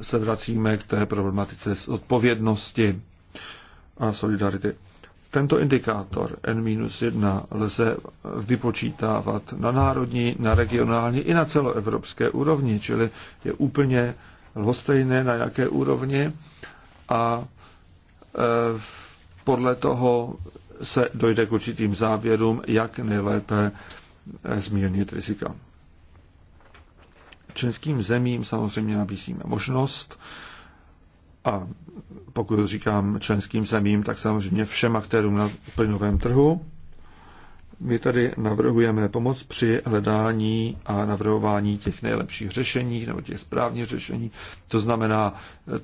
eh, se vracíme k té problematice z odpovědnosti a solidarity. Tento indikátor N-1 lze vypočítávat na národní, na regionální i na celoevropské úrovni, čili je úplně lhostejné na jaké úrovni a e, podle toho se dojde k určitým závěrům, jak nejlépe e, zmírnit rizika. Českým zemím samozřejmě nabízíme možnost, a pokud říkám členským zemím, tak samozřejmě všem aktérům na plynovém trhu. My tady navrhujeme pomoc při hledání a navrhování těch nejlepších řešení nebo těch správných řešení. To znamená,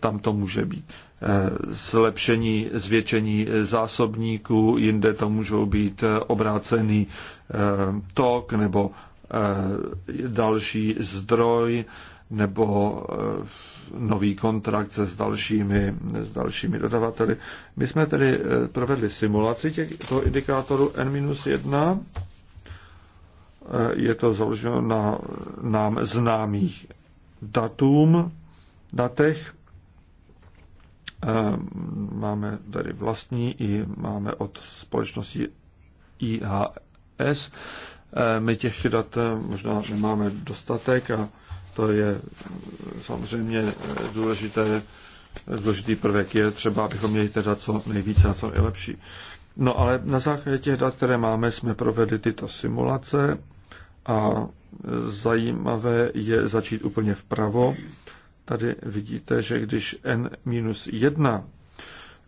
tam to může být eh, zlepšení, zvětšení zásobníků, jinde to můžou být eh, obrácený eh, tok nebo další zdroj, nebo eh, nový kontrakt se s dalšími, s dalšími dodavateli. My jsme tedy eh, provedli simulaci toho indikátoru N-1. Eh, je to založeno na nám známých datům, datech. Máme tady vlastní i máme od společnosti IHS. My těch dat možná nemáme dostatek a to je samozřejmě důležité, důležitý prvek je třeba, abychom měli teda co nejvíce a co nejlepší. No ale na základě těch dat, které máme, jsme provedli tyto simulace a zajímavé je začít úplně vpravo. Tady vidíte, že když n-1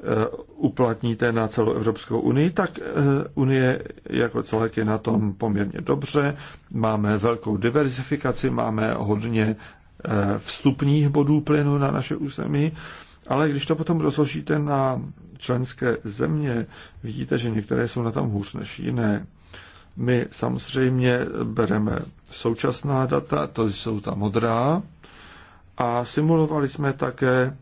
Eh, uplatníte na celou Evropskou unii, tak eh, Unie jako celek je na tom poměrně dobře. Máme velkou diversifikaci, máme hodně eh, vstupních bodů plynu na naše území, ale když to potom rozložíte na členské země, vidíte, že některé jsou na tom hůř než jiné. My samozřejmě bereme současná data, to jsou ta modrá, a simulovali jsme také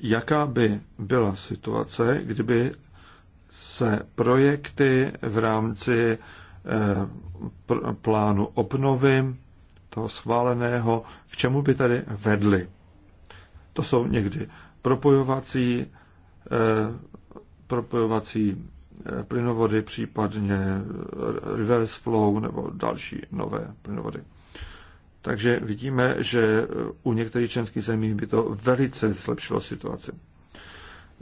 jaká by byla situace, kdyby se projekty v rámci eh, plánu obnovy toho schváleného, k čemu by tady vedly. To jsou někdy propojovací, eh, propojovací eh, plynovody, případně reverse flow nebo další nové plynovody. Takže vidíme, že u některých členských zemí by to velice zlepšilo situaci.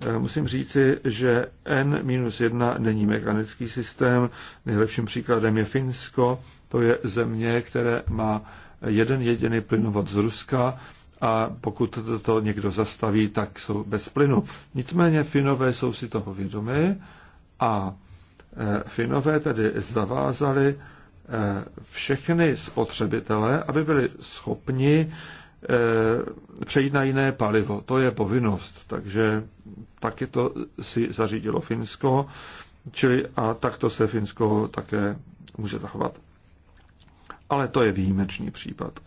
Eh, musím říci, že N-1 není mechanický systém. Nejlepším příkladem je Finsko. To je země, které má jeden jediný plynovod z Ruska a pokud to někdo zastaví, tak jsou bez plynu. Nicméně Finové jsou si toho vědomi a eh, Finové tedy zavázali všechny spotřebitele, aby byli schopni eh, přejít na jiné palivo. To je povinnost. Takže taky to si zařídilo Finsko, čili a takto se Finsko také může zachovat. Ale to je výjimečný případ.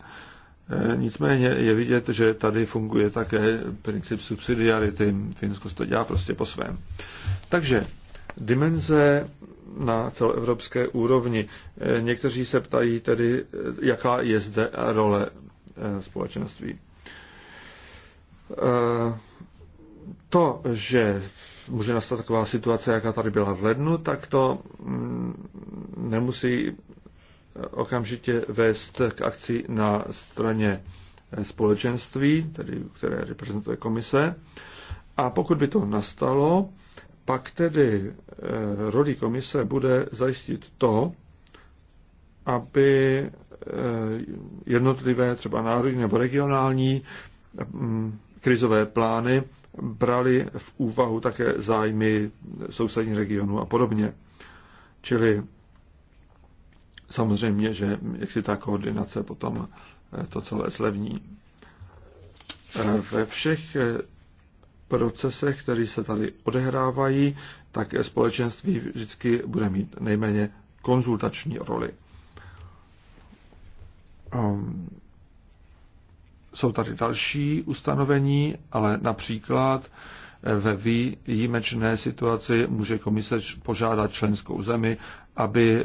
Eh, nicméně je vidět, že tady funguje také princip subsidiarity. Finsko to dělá prostě po svém. Takže dimenze na celoevropské úrovni. Eh, někteří se ptají tedy, eh, jaká je zde role eh, společenství. To, že může nastat taková situace, jaká tady byla v lednu, tak to mm, nemusí okamžitě vést k akci na straně společenství, tedy které reprezentuje komise. A pokud by to nastalo, pak tedy eh, roli komise bude zajistit to, aby eh, jednotlivé třeba národní nebo regionální mm, krizové plány brali v úvahu také zájmy sousední regionu a podobně. Čili samozřejmě, že jak si ta koordinace potom eh, to celé zlevní. Ve všech procesech, které se tady odehrávají, tak společenství vždycky bude mít nejméně konzultační roli. Um, jsou tady další ustanovení, ale například eh, ve výjimečné situaci může komise požádat členskou zemi, aby eh,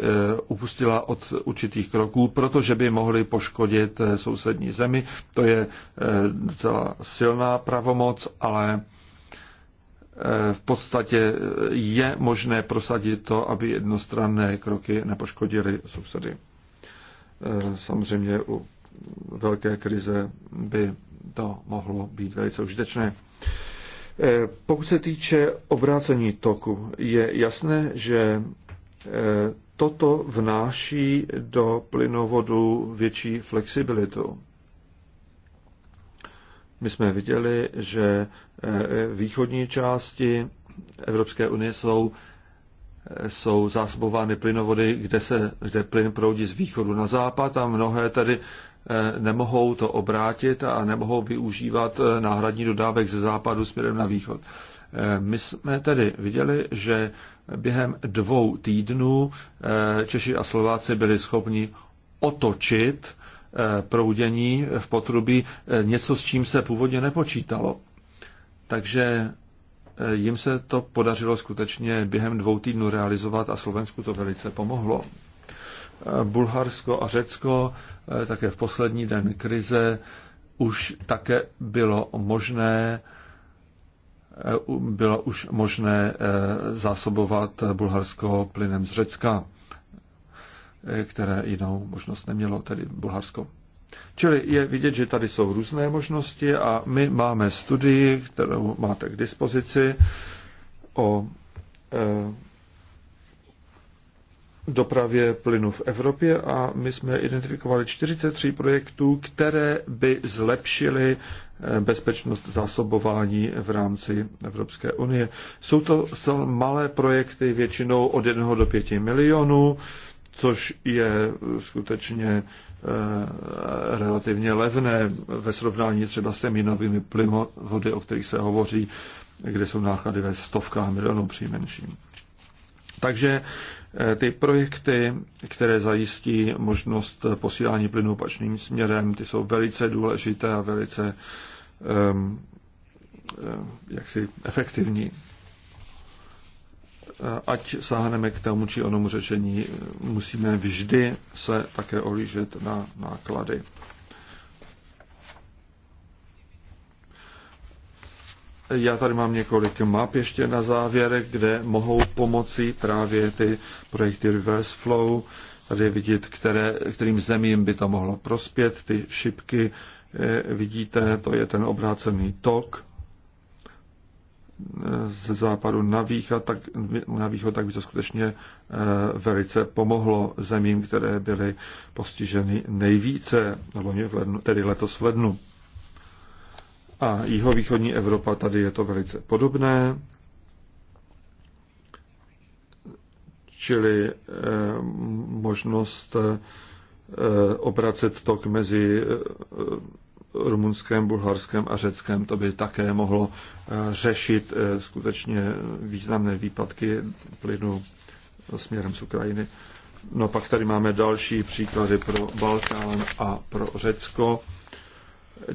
upustila od určitých kroků, protože by mohly poškodit eh, sousední zemi. To je eh, docela silná pravomoc, ale v podstatě je možné prosadit to, aby jednostranné kroky nepoškodily sousedy. Samozřejmě u velké krize by to mohlo být velice užitečné. Pokud se týče obrácení toku, je jasné, že toto vnáší do plynovodu větší flexibilitu. My jsme viděli, že e, východní části Evropské unie jsou, e, jsou zásobovány plynovody, kde, se, kde plyn proudí z východu na západ a mnohé tedy e, nemohou to obrátit a nemohou využívat náhradní dodávek ze západu směrem na východ. Eh, my jsme tedy viděli, že během dvou týdnů eh, Češi a Slováci byli schopni otočit eh, proudění v potrubí něco, s čím se původně nepočítalo. Takže jim se to podařilo skutečně během dvou týdnů realizovat a Slovensku to velice pomohlo. Bulharsko a Řecko také v poslední den krize už také bylo možné E, bylo už možné e, zásobovat Bulharsko plynem z Řecka, e, které jinou možnost nemělo, tedy Bulharsko. Čili je vidět, že tady jsou různé možnosti a my máme studii, kterou máte k dispozici o dopravě plynu v Evropě a my jsme identifikovali 43 projektů, které by zlepšily eh, bezpečnost zásobování v rámci Evropské unie. Jsou to malé projekty většinou od 1 do 5 milionů, což je skutečně eh, relativně levné ve srovnání třeba s těmi novými plynovody, o kterých se hovoří, kde jsou náklady ve stovkách milionů přímenším. Takže Eh, ty projekty, které zajistí možnost posílání plynu opačným směrem, ty jsou velice důležité a velice um, jaksi efektivní. Eh, ať sáhneme k tomu či onomu řešení, musíme vždy se také olížet na náklady. Já tady mám několik map ještě na závěr, kde mohou pomoci právě ty projekty Reverse Flow. Tady je vidět, které, kterým zemím by to mohlo prospět. Ty šipky eh, vidíte, to je ten obrácený tok eh, ze západu na východ, tak, na východ, tak by to skutečně eh, velice pomohlo zemím, které byly postiženy nejvíce, nebo v lednu, tedy letos v lednu a jihovýchodní Evropa, tady je to velice podobné. Čili eh, možnost eh, obracet tok mezi eh, rumunském, bulharském a řeckém, to by také mohlo řešit skutečně významné výpadky plynu směrem z Ukrajiny. No pak tady máme další příklady pro Balkán a pro Řecko.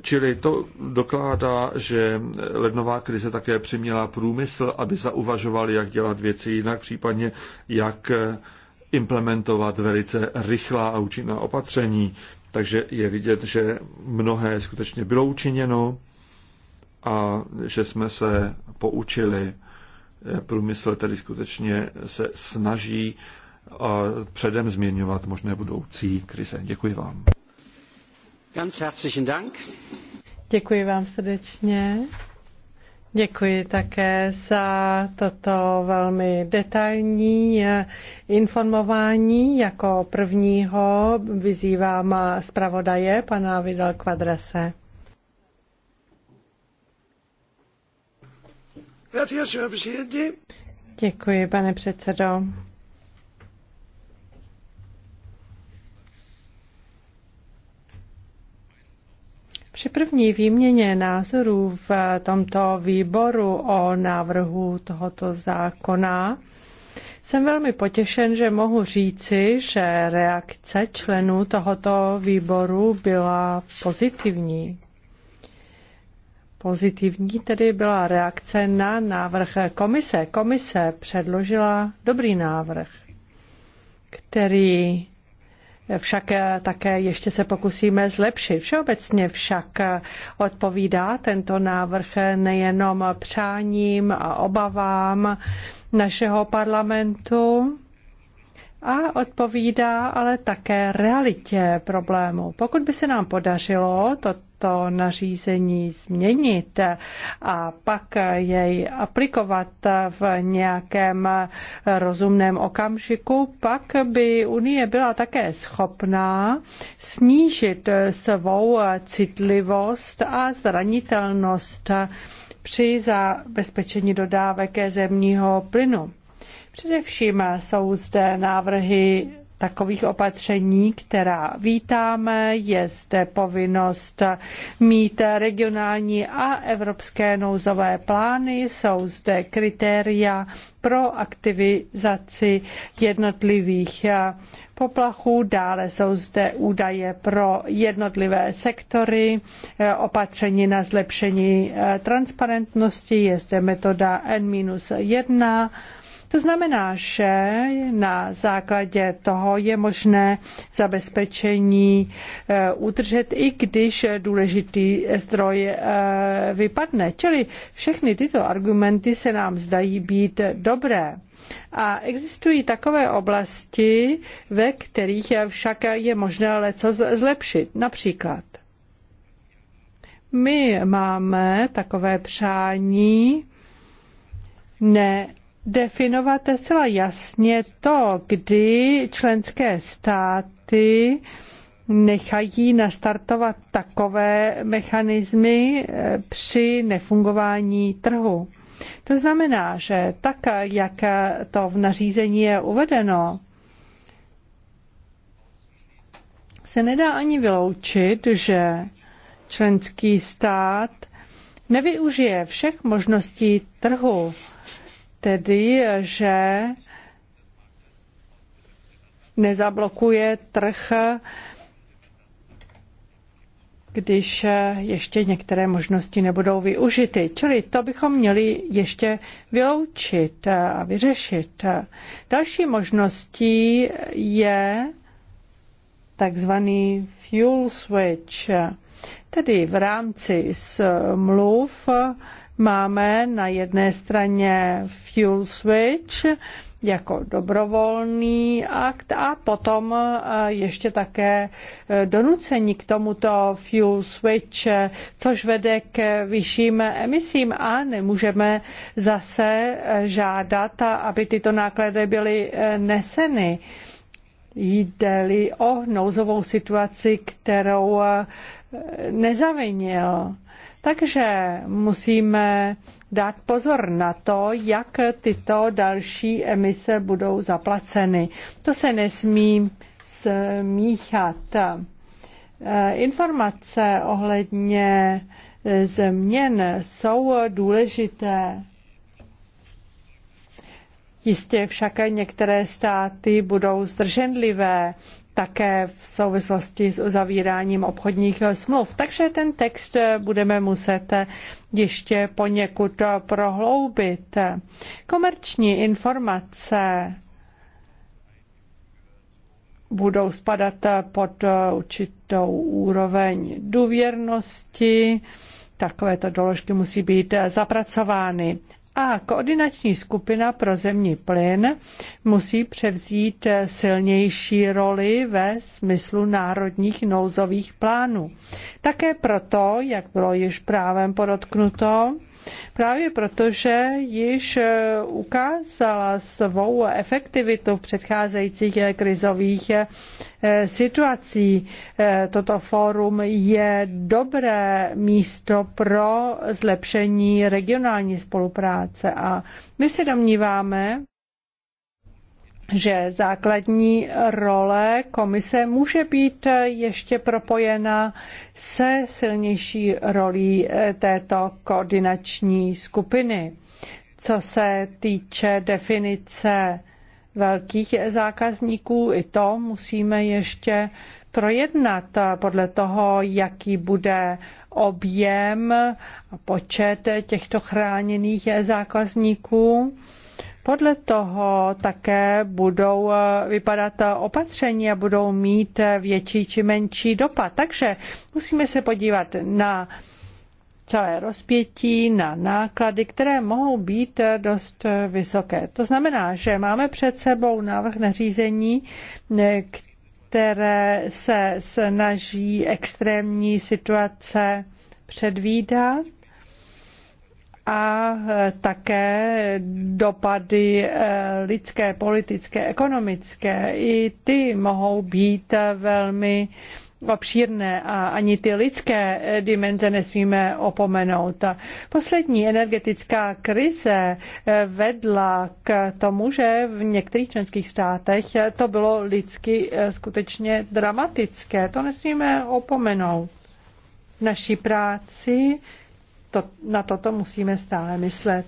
Čili to dokládá, že lednová krize také přiměla průmysl, aby zauvažoval, jak dělat věci jinak, případně jak eh, implementovat velice rychlá a účinná opatření. Takže je vidět, že mnohé skutečně bylo učiněno a že jsme se poučili. Eh, průmysl tedy skutečně se snaží eh, předem změňovat možné budoucí krize. Děkuji vám. Ganz herzlichen Dank. Děkuji vám srdečně. Děkuji také za toto velmi detailní eh, informování. Jako prvního vyzývám zpravodaje pana Vidal Quadrase. Děkuji, pane předsedo. Při první výměně názorů v tomto výboru o návrhu tohoto zákona jsem velmi potěšen, že mohu říci, že reakce členů tohoto výboru byla pozitivní. Pozitivní tedy byla reakce na návrh komise. Komise předložila dobrý návrh, který však eh, také ještě se pokusíme zlepšit. Všeobecně však eh, odpovídá tento návrh nejenom přáním a obavám našeho parlamentu, a odpovídá ale také realitě problému. Pokud by se nám podařilo toto nařízení změnit a pak jej aplikovat v nějakém rozumném okamžiku, pak by Unie byla také schopná snížit svou citlivost a zranitelnost při zabezpečení dodávek zemního plynu. Především jsou zde návrhy takových opatření, která vítáme. Je zde povinnost mít regionální a evropské nouzové plány. Jsou zde kritéria pro aktivizaci jednotlivých poplachů. Dále jsou zde údaje pro jednotlivé sektory, opatření na zlepšení transparentnosti. Je zde metoda N-1 to znamená, že na základě toho je možné zabezpečení eh, udržet, i když důležitý zdroj eh, vypadne. Čili všechny tyto argumenty se nám zdají být dobré. A existují takové oblasti, ve kterých je však je možné leco zlepšit. Například my máme takové přání ne definovat zcela jasně to, kdy členské státy nechají nastartovat takové mechanismy eh, při nefungování trhu. To znamená, že tak, jak to v nařízení je uvedeno, se nedá ani vyloučit, že členský stát nevyužije všech možností trhu tedy, že nezablokuje trh, když ještě některé možnosti nebudou využity. Čili to bychom měli ještě vyloučit a vyřešit. Další možností je takzvaný fuel switch, tedy v rámci smluv Máme na jedné straně Fuel Switch jako dobrovolný akt a potom e, ještě také e, donucení k tomuto Fuel Switch, e, což vede k vyšším emisím a nemůžeme zase žádat, aby tyto náklady byly neseny jde-li o nouzovou situaci, kterou nezavinil. Takže musíme dát pozor na to, jak tyto další emise budou zaplaceny. To se nesmí smíchat. Eh, informace ohledně eh, změn jsou důležité. Jistě však některé státy budou zdrženlivé také v souvislosti s uzavíráním obchodních smluv. Takže ten text budeme muset ještě poněkud prohloubit. Komerční informace budou spadat pod určitou úroveň důvěrnosti. Takovéto doložky musí být zapracovány a koordinační skupina pro zemní plyn musí převzít silnější roli ve smyslu národních nouzových plánů. Také proto, jak bylo již právem podotknuto, Právě protože již eh, ukázala svou efektivitu v předcházejících eh, krizových eh, situací. Toto fórum je dobré místo pro zlepšení regionální spolupráce a my se domníváme, že základní role komise může být ještě propojena se silnější rolí eh, této koordinační skupiny. Co se týče definice velkých zákazníků, i to musíme ještě projednat eh, podle toho, jaký bude objem a počet těchto chráněných zákazníků podle toho také budou eh, vypadat eh, opatření a budou mít eh, větší či menší dopad. Takže musíme se podívat na celé rozpětí, na náklady, které mohou být dost vysoké. To znamená, že máme před sebou návrh nařízení, které se snaží extrémní situace předvídat a eh, také dopady eh, lidské, politické, ekonomické. I ty mohou být eh, velmi obšírné a ani ty lidské dimenze nesmíme opomenout. Poslední energetická krize vedla k tomu, že v některých členských státech to bylo lidsky skutečně dramatické. To nesmíme opomenout. naší práci to, na toto musíme stále myslet.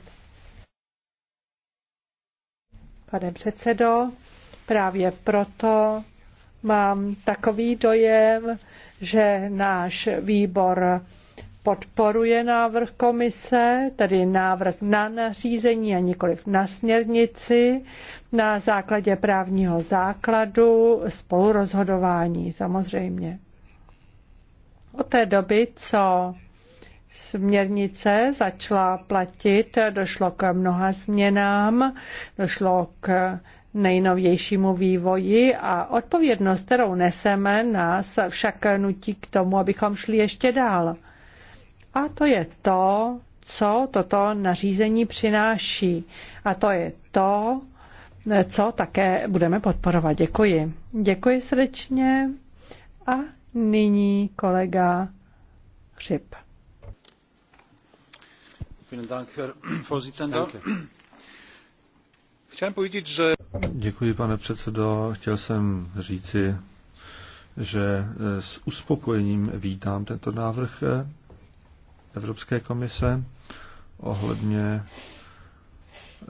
Pane předsedo, právě proto mám takový dojem, že náš výbor podporuje návrh komise, tedy návrh na nařízení a nikoliv na směrnici, na základě právního základu spolurozhodování samozřejmě. Od té doby, co Směrnice začala platit, došlo k mnoha změnám, došlo k nejnovějšímu vývoji a odpovědnost, kterou neseme, nás však nutí k tomu, abychom šli ještě dál. A to je to, co toto nařízení přináší. A to je to, co také budeme podporovat. Děkuji. Děkuji srdečně. A nyní kolega Hřib. Děkuji, pane předsedo. Chtěl jsem říci, že e, s uspokojením vítám tento návrh e, Evropské komise ohledně,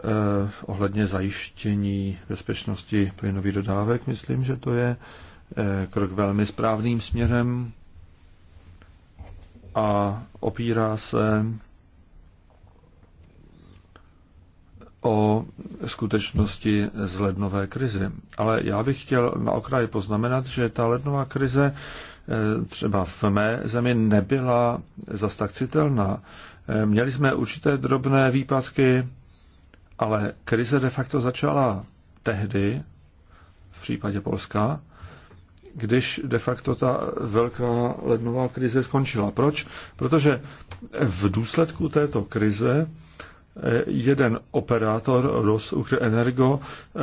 e, ohledně zajištění bezpečnosti plynových dodávek. Myslím, že to je krok velmi správným směrem a opírá se o skutečnosti z lednové krizi. Ale já bych chtěl na okraji poznamenat, že ta lednová krize eh, třeba v mé zemi nebyla zas tak citelná. Eh, měli jsme určité drobné výpadky, ale krize de facto začala tehdy, v případě Polska, když de facto ta velká lednová krize skončila. Proč? Protože v důsledku této krize jeden operátor Rus Energo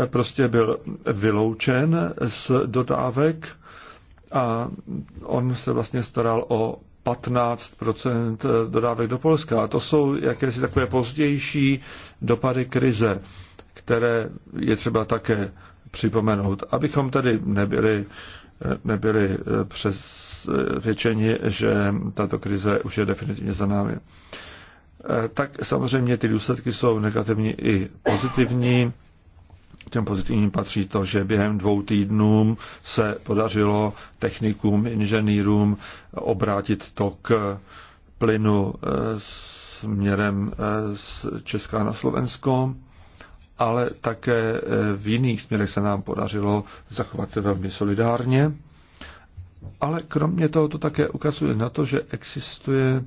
prostě byl vyloučen z dodávek a on se vlastně staral o 15 dodávek do Polska. A to jsou jakési takové pozdější dopady krize, které je třeba také připomenout. Abychom tedy nebyli, nebyli přesvědčeni, že tato krize už je definitivně za námi. Eh, tak samozřejmě ty důsledky jsou negativní i pozitivní. Těm pozitivním patří to, že během dvou týdnů se podařilo technikům, inženýrům obrátit tok eh, plynu eh, směrem z Česka na Slovensko, ale také v jiných směrech se nám podařilo zachovat velmi solidárně. Ale kromě toho to také ukazuje na to, že existuje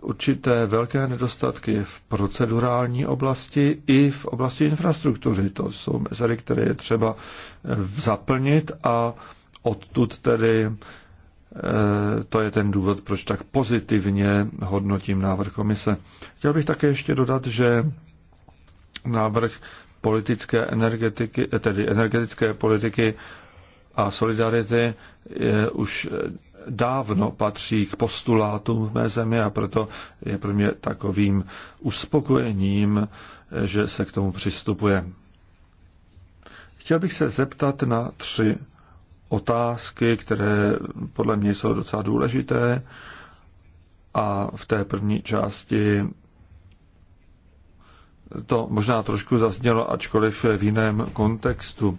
určité velké nedostatky v procedurální oblasti i v oblasti infrastruktury. To jsou mezery, které je třeba eh, zaplnit a odtud tedy eh, to je ten důvod, proč tak pozitivně hodnotím návrh komise. Chtěl bych také ještě dodat, že návrh politické energetiky, eh, tedy energetické politiky a solidarity je už dávno patří k postulátům v mé zemi a proto je pro mě takovým uspokojením, že se k tomu přistupuje. Chtěl bych se zeptat na tři otázky, které podle mě jsou docela důležité a v té první části to možná trošku zaznělo, ačkoliv v jiném kontextu.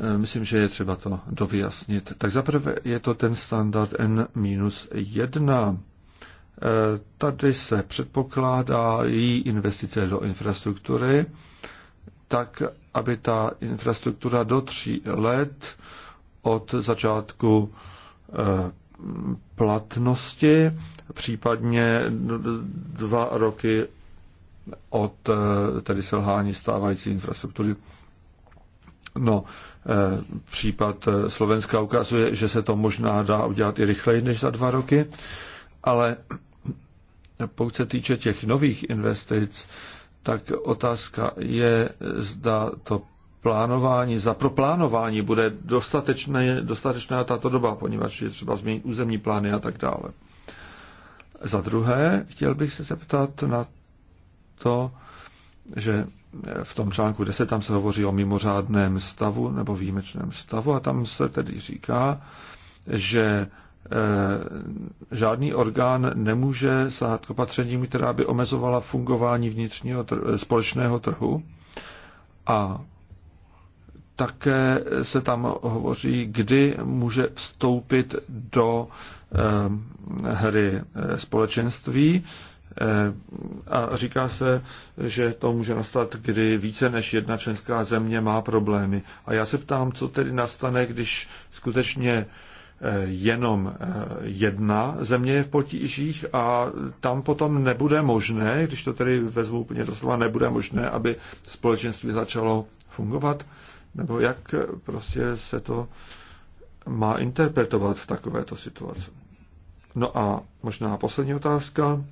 Eh, myslím, že je třeba to dovyjasnit. Tak zaprvé je to ten standard N-1. Eh, tady se předpokládá její investice do infrastruktury, tak aby ta infrastruktura do tří let od začátku eh, platnosti, případně dva roky od tedy selhání stávající infrastruktury. No, Eh, případ eh, Slovenska ukazuje, že se to možná dá udělat i rychleji než za dva roky, ale pokud se týče těch nových investic, tak otázka je, zda to plánování, za proplánování bude dostatečné, dostatečná tato doba, poněvadž je třeba změnit územní plány a tak dále. Za druhé, chtěl bych se zeptat na to, že v tom článku 10 tam se hovoří o mimořádném stavu nebo výjimečném stavu a tam se tedy říká, že eh, žádný orgán nemůže sahat k opatřením, která by omezovala fungování vnitřního tr- společného trhu. A také se tam hovoří, kdy může vstoupit do eh, hry eh, společenství. Eh, a říká se, že to může nastat, kdy více než jedna členská země má problémy. A já se ptám, co tedy nastane, když skutečně eh, jenom eh, jedna země je v potížích a tam potom nebude možné, když to tedy vezmu úplně doslova, nebude možné, aby společenství začalo fungovat? Nebo jak prostě se to má interpretovat v takovéto situaci? No a možná poslední otázka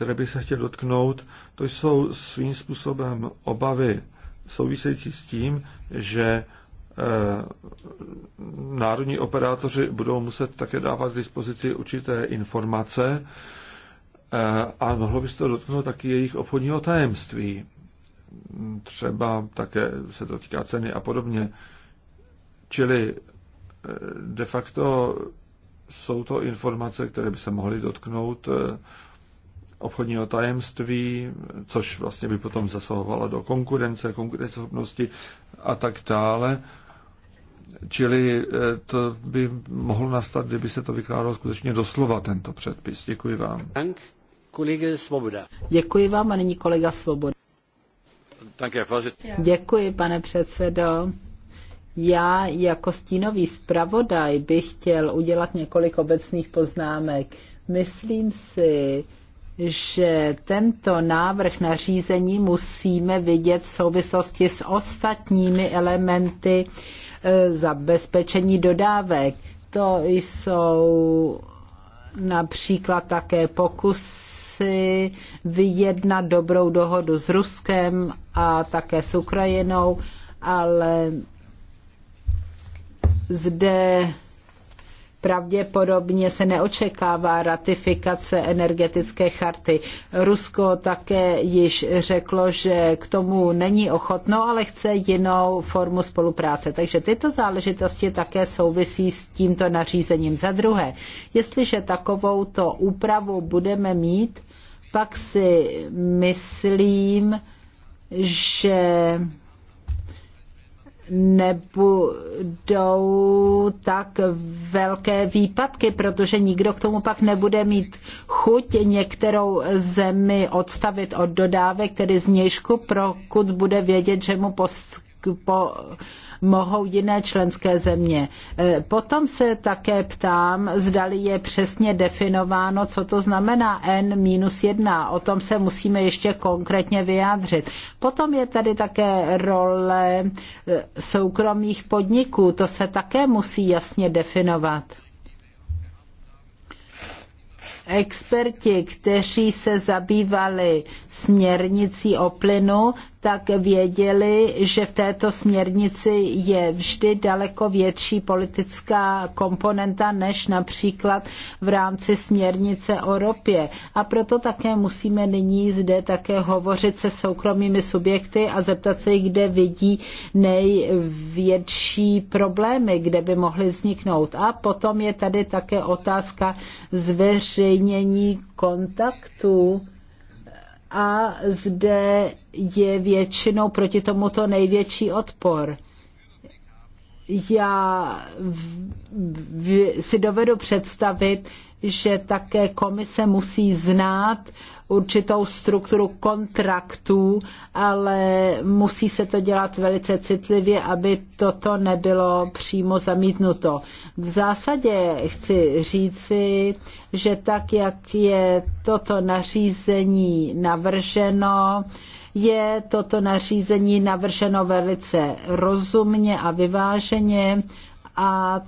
které bych se chtěl dotknout, to jsou svým způsobem obavy související s tím, že eh, národní operátoři budou muset také dávat k dispozici určité informace eh, a mohlo by se to dotknout taky jejich obchodního tajemství. Třeba také se to týká ceny a podobně. Čili eh, de facto jsou to informace, které by se mohly dotknout obchodního tajemství, což vlastně by potom zasahovalo do konkurence, konkurenceschopnosti a tak dále. Čili eh, to by mohlo nastat, kdyby se to vykládalo skutečně doslova, tento předpis. Děkuji vám. Dank, kolega Svoboda. Děkuji vám a nyní kolega Svoboda. Děkuji, pane předsedo. Já jako stínový zpravodaj bych chtěl udělat několik obecných poznámek. Myslím si, že tento návrh nařízení musíme vidět v souvislosti s ostatními elementy e, zabezpečení dodávek. To jsou například také pokusy vyjednat dobrou dohodu s Ruskem a také s Ukrajinou, ale zde pravděpodobně se neočekává ratifikace energetické charty. Rusko také již řeklo, že k tomu není ochotno, ale chce jinou formu spolupráce. Takže tyto záležitosti také souvisí s tímto nařízením. Za druhé, jestliže takovouto úpravu budeme mít, pak si myslím, že nebudou tak velké výpadky, protože nikdo k tomu pak nebude mít chuť některou zemi odstavit od dodávek, tedy z nějšku, pokud bude vědět, že mu post mohou jiné členské země. E, potom se také ptám, zdali je přesně definováno, co to znamená N-1. O tom se musíme ještě konkrétně vyjádřit. Potom je tady také role e, soukromých podniků. To se také musí jasně definovat experti, kteří se zabývali směrnicí o plynu, tak věděli, že v této směrnici je vždy daleko větší politická komponenta než například v rámci směrnice o ropě. A proto také musíme nyní zde také hovořit se soukromými subjekty a zeptat se, kde vidí největší problémy, kde by mohly vzniknout. A potom je tady také otázka zveřejnění kontaktů a zde je většinou proti tomuto největší odpor. Já si dovedu představit, že také komise musí znát určitou strukturu kontraktů, ale musí se to dělat velice citlivě, aby toto nebylo přímo zamítnuto. V zásadě chci říci, že tak, jak je toto nařízení navrženo, je toto nařízení navrženo velice rozumně a vyváženě a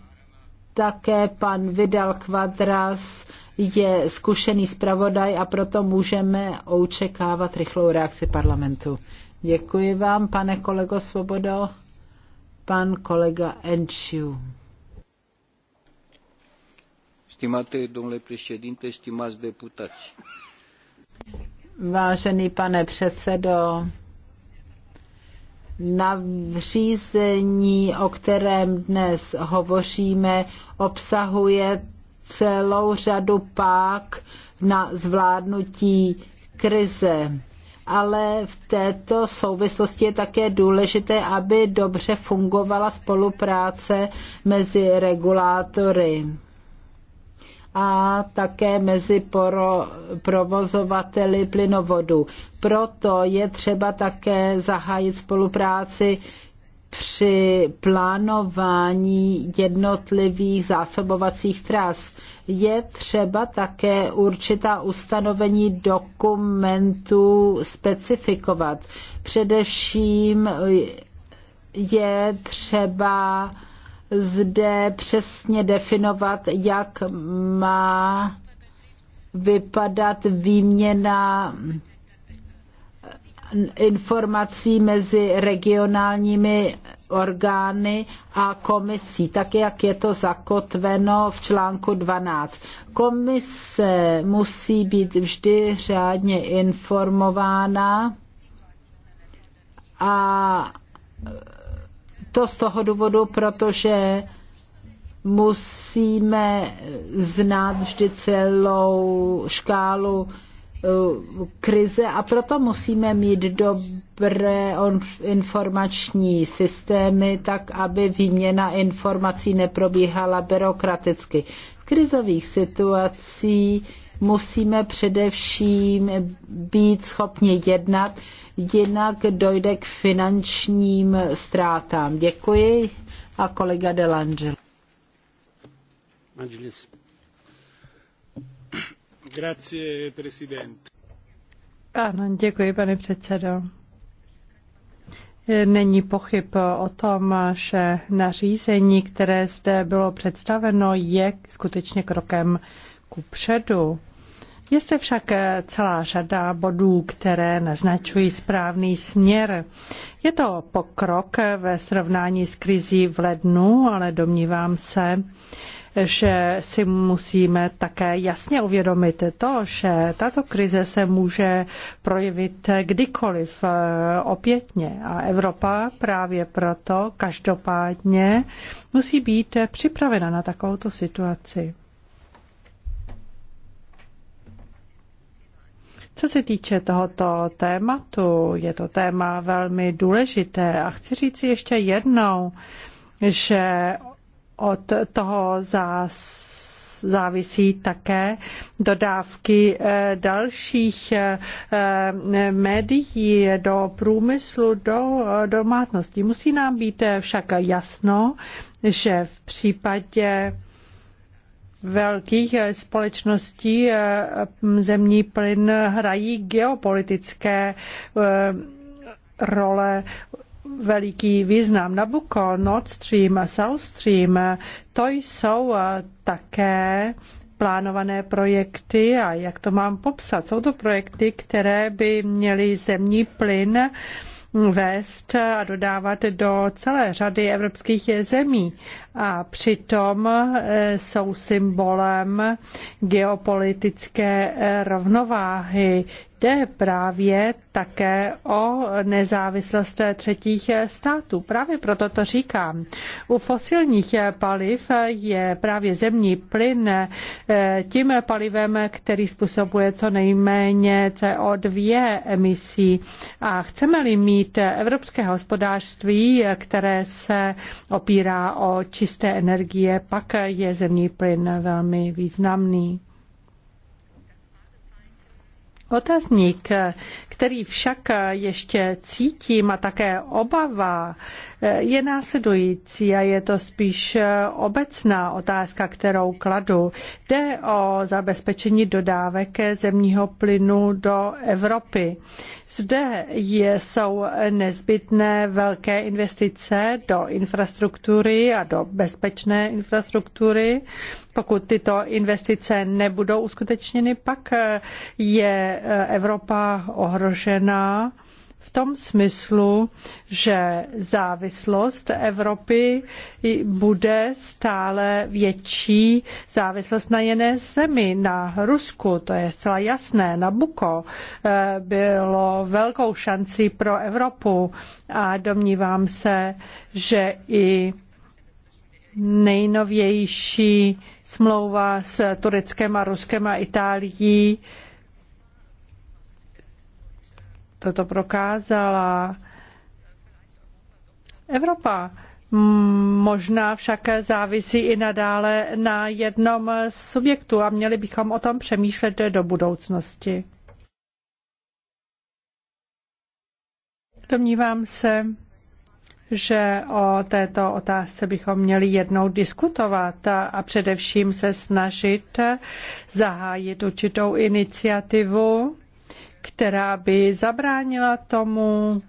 také pan Vidal Quadras je zkušený zpravodaj a proto můžeme očekávat rychlou reakci parlamentu. Děkuji vám, pane kolego Svobodo. Pan kolega Enčiu. Stimate domnule președinte, stimați deputați. Vážený pane předsedo, na nařízení, o kterém dnes hovoříme, obsahuje celou řadu pák na zvládnutí krize. Ale v této souvislosti je také důležité, aby dobře fungovala spolupráce mezi regulátory a také mezi poro, provozovateli plynovodu. Proto je třeba také zahájit spolupráci při plánování jednotlivých zásobovacích tras. Je třeba také určitá ustanovení dokumentů specifikovat. Především je třeba zde přesně definovat, jak má vypadat výměna informací mezi regionálními orgány a komisí, tak jak je to zakotveno v článku 12. Komise musí být vždy řádně informována a to z toho důvodu, protože musíme znát vždy celou škálu Eh, krize a proto musíme mít dobré informační systémy, tak aby výměna informací neprobíhala byrokraticky. V krizových situacích musíme především být schopni jednat, jinak dojde k finančním ztrátám. Děkuji a kolega Delangelo. Angelis. Grazie, Ano, děkuji, pane předsedo. Není pochyb o tom, že nařízení, které zde bylo představeno, je skutečně krokem ku předu. Je zde však eh, celá řada bodů, které naznačují správný směr. Je to pokrok eh, ve srovnání s krizí v lednu, ale domnívám se, že si musíme také jasně uvědomit to, že tato krize se může projevit kdykoliv eh, opětně a Evropa právě proto každopádně musí být připravena na takovouto situaci. Co se týče tohoto tématu, je to téma velmi důležité a chci říct ještě jednou, že od toho zás závisí také dodávky eh, dalších eh, eh, médií do průmyslu, do domácností. Musí nám být však jasno, že v případě velkých společností zemní plyn hrají geopolitické role veliký význam. Nabucco, Nord Stream, South Stream, to jsou eh, také plánované projekty a jak to mám popsat? Jsou to projekty, které by měly zemní plyn mm, vést a dodávat do celé řady evropských zemí. A přitom eh, jsou symbolem geopolitické eh, rovnováhy jde právě také o nezávislost třetích států. Právě proto to říkám. U fosilních paliv je právě zemní plyn eh, tím palivem, který způsobuje co nejméně CO2 emisí. A chceme-li mít evropské hospodářství, které se opírá o čisté energie, pak je zemní plyn velmi významný. Otazník, který však ještě cítím a také obava, je následující a je to spíš eh, obecná otázka, kterou kladu. Jde o zabezpečení dodávek zemního plynu do Evropy. Zde je, jsou nezbytné velké investice do infrastruktury a do bezpečné infrastruktury. Pokud tyto investice nebudou uskutečněny, pak eh, je eh, Evropa ohrožená tom smyslu, že závislost Evropy bude stále větší závislost na jiné zemi, na Rusku, to je zcela jasné, na Buko eh, bylo velkou šancí pro Evropu a domnívám se, že i nejnovější smlouva s Tureckem a Ruskem a Itálií toto prokázala. Evropa možná však závisí i nadále na jednom subjektu a měli bychom o tom přemýšlet do budoucnosti. Domnívám se, že o této otázce bychom měli jednou diskutovat a především se snažit zahájit určitou iniciativu která by zabránila tomu,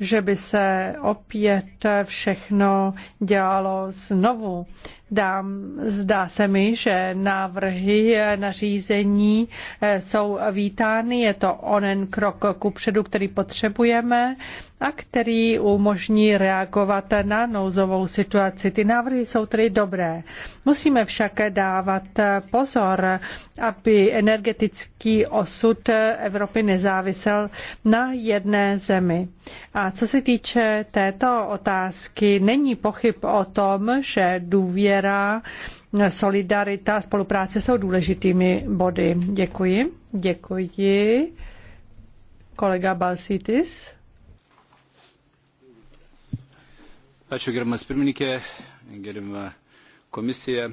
že by se opět všechno dělalo znovu. Dám, zdá se mi, že návrhy nařízení eh, jsou vítány. Je to onen krok kupředu, který potřebujeme a který umožní reagovat na nouzovou situaci. Ty návrhy jsou tedy dobré. Musíme však dávat pozor, aby energetický osud Evropy nezávisel na jedné zemi. A co se týče této otázky, není pochyb o tom, že důvěra důvěra, solidarita, spolupráce jsou důležitými body. Děkuji. Děkuji. Kolega Balsitis. Ačiū, gerbiamas pirmininkė, gerbiama komisija.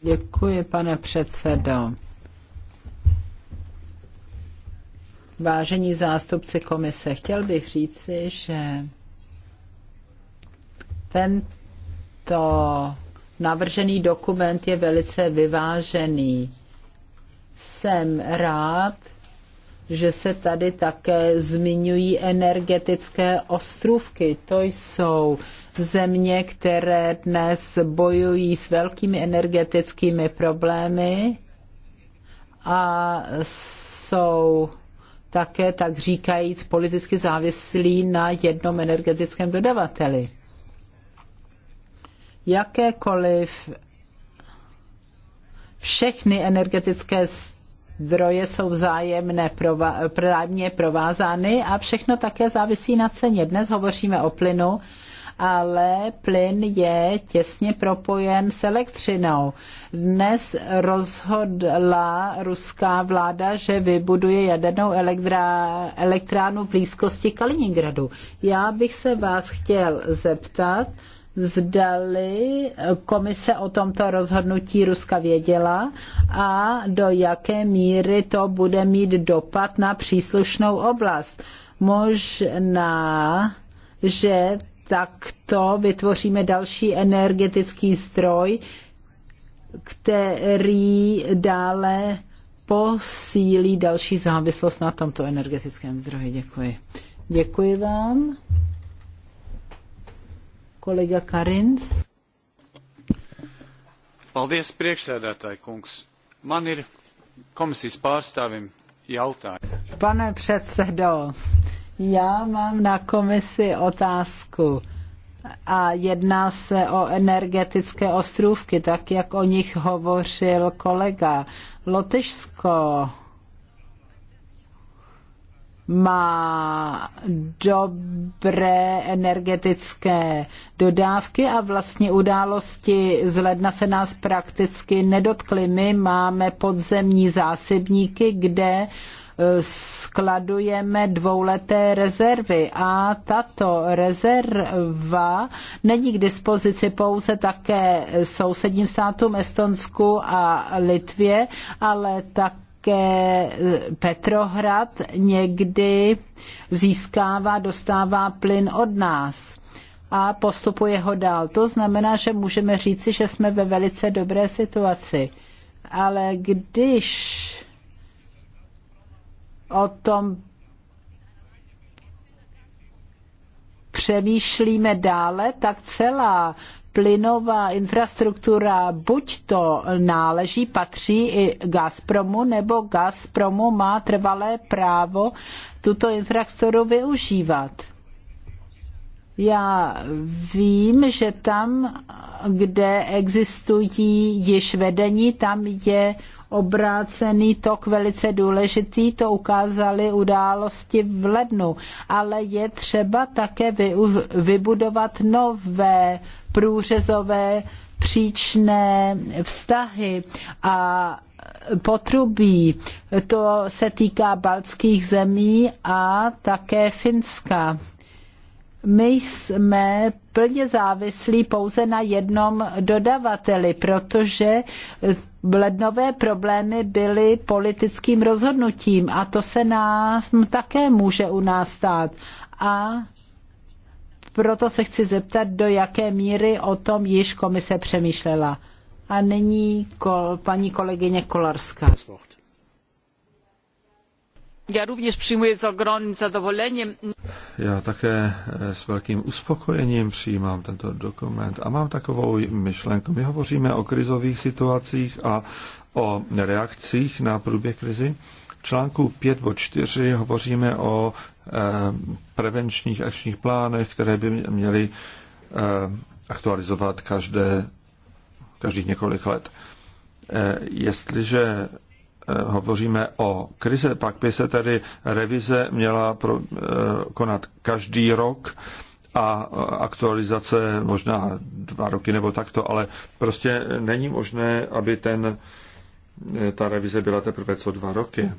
Děkuji, pane předsedo. Vážení zástupci komise, chtěl bych říci, že tento navržený dokument je velice vyvážený. Jsem rád, že se tady také zmiňují energetické ostrůvky. To jsou země, které dnes bojují s velkými energetickými problémy a jsou také, tak říkajíc, politicky závislí na jednom energetickém dodavateli. Jakékoliv všechny energetické zdroje jsou vzájemně vzájemně provázány a všechno také závisí na ceně. Dnes hovoříme o plynu, ale plyn je těsně propojen s elektřinou. Dnes rozhodla ruská vláda, že vybuduje jadernou elektrá, elektránu v blízkosti Kaliningradu. Já bych se vás chtěl zeptat, zdali komise o tomto rozhodnutí Ruska věděla a do jaké míry to bude mít dopad na příslušnou oblast. Možná, že takto vytvoříme další energetický stroj, který dále posílí další závislost na tomto energetickém zdroji. Děkuji. Děkuji vám kolega Karins. Paldies, priekšsēdētāji kungs. Man ir komisijas pārstāvim jautājums. Pane předsedo, já mám na komisi otázku a jedná se o energetické ostrůvky, tak jak o nich hovořil kolega. Lotyšsko má dobré energetické dodávky a vlastně události z ledna se nás prakticky nedotkly. My máme podzemní zásobníky, kde e, skladujeme dvouleté rezervy a tato rezerva není k dispozici pouze také sousedním státům Estonsku a Litvě, ale také také eh, Petrohrad někdy získává, dostává plyn od nás a postupuje ho dál. To znamená, že můžeme říci, že jsme ve velice dobré situaci. Ale když o tom přemýšlíme dále, tak celá plynová infrastruktura buď to náleží, patří i Gazpromu, nebo Gazpromu má trvalé právo tuto infrastrukturu využívat. Já vím, že tam, kde existují již vedení, tam je obrácený tok velice důležitý, to ukázaly události v lednu, ale je třeba také vybudovat nové průřezové příčné vztahy a potrubí. To se týká baltských zemí a také Finska. My jsme plně závislí pouze na jednom dodavateli, protože lednové problémy byly politickým rozhodnutím a to se nás také může u nás stát. A proto se chci zeptat, do jaké míry o tom již komise přemýšlela. A nyní kol, paní kolegyně Kolarská. Já rovněž přijímuji s ogromným zadovolením. Já také eh, s velkým uspokojením přijímám tento dokument a mám takovou myšlenku. My hovoříme o krizových situacích a o reakcích na průběh krizi. V článku 5 bod 4 hovoříme o eh, prevenčních akčních plánech, které by měly eh, aktualizovat každé, každých několik let. Jestliže Eh, hovoříme o krize, pak by se tedy revize měla eh, konat každý rok a eh, aktualizace možná dva roky nebo takto, ale prostě není možné, aby ten, ta revize byla teprve co dva roky.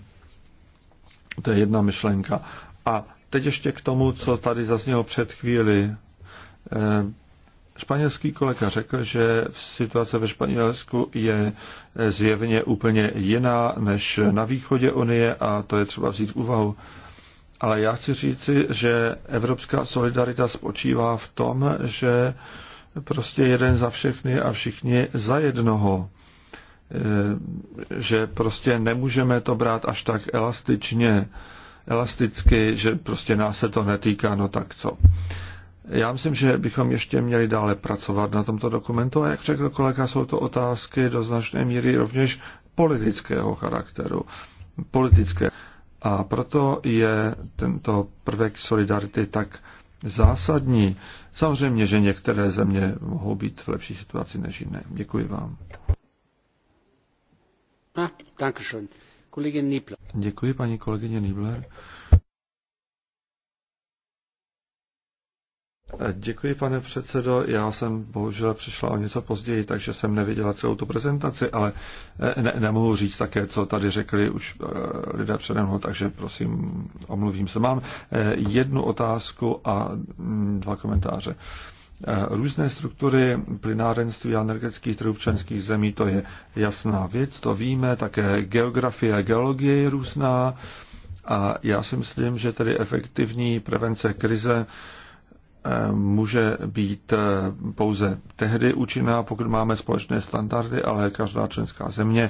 To je jedna myšlenka. A teď ještě k tomu, co tady zaznělo před chvíli Španělský kolega řekl, že situace ve Španělsku je zjevně úplně jiná než na východě Unie a to je třeba vzít v úvahu. Ale já chci říci, že evropská solidarita spočívá v tom, že prostě jeden za všechny a všichni za jednoho. Eh, že prostě nemůžeme to brát až tak elastičně, elasticky, že prostě nás se to netýká, no tak co. Já myslím, že bychom ještě měli dále pracovat na tomto dokumentu a jak řekl kolega, jsou to otázky do značné míry rovněž politického charakteru. Politické. A proto je tento prvek solidarity tak zásadní. Samozřejmě, že některé země mohou být v lepší situaci než jiné. Děkuji vám. Ah, Děkuji paní kolegyně Nibler. Děkuji, pane předsedo. Já jsem bohužel přišla o něco později, takže jsem neviděla celou tu prezentaci, ale eh, ne, nemohu říct také, co tady řekli už eh, lidé přede mnou, takže prosím, omluvím se. Mám eh, jednu otázku a mm, dva komentáře. Různé struktury plynárenství a energetických trhů členských zemí, to je jasná věc, to víme, také geografie a geologie je různá a já si myslím, že tedy efektivní prevence krize může být eh, pouze tehdy účinná, pokud máme společné standardy, ale každá členská země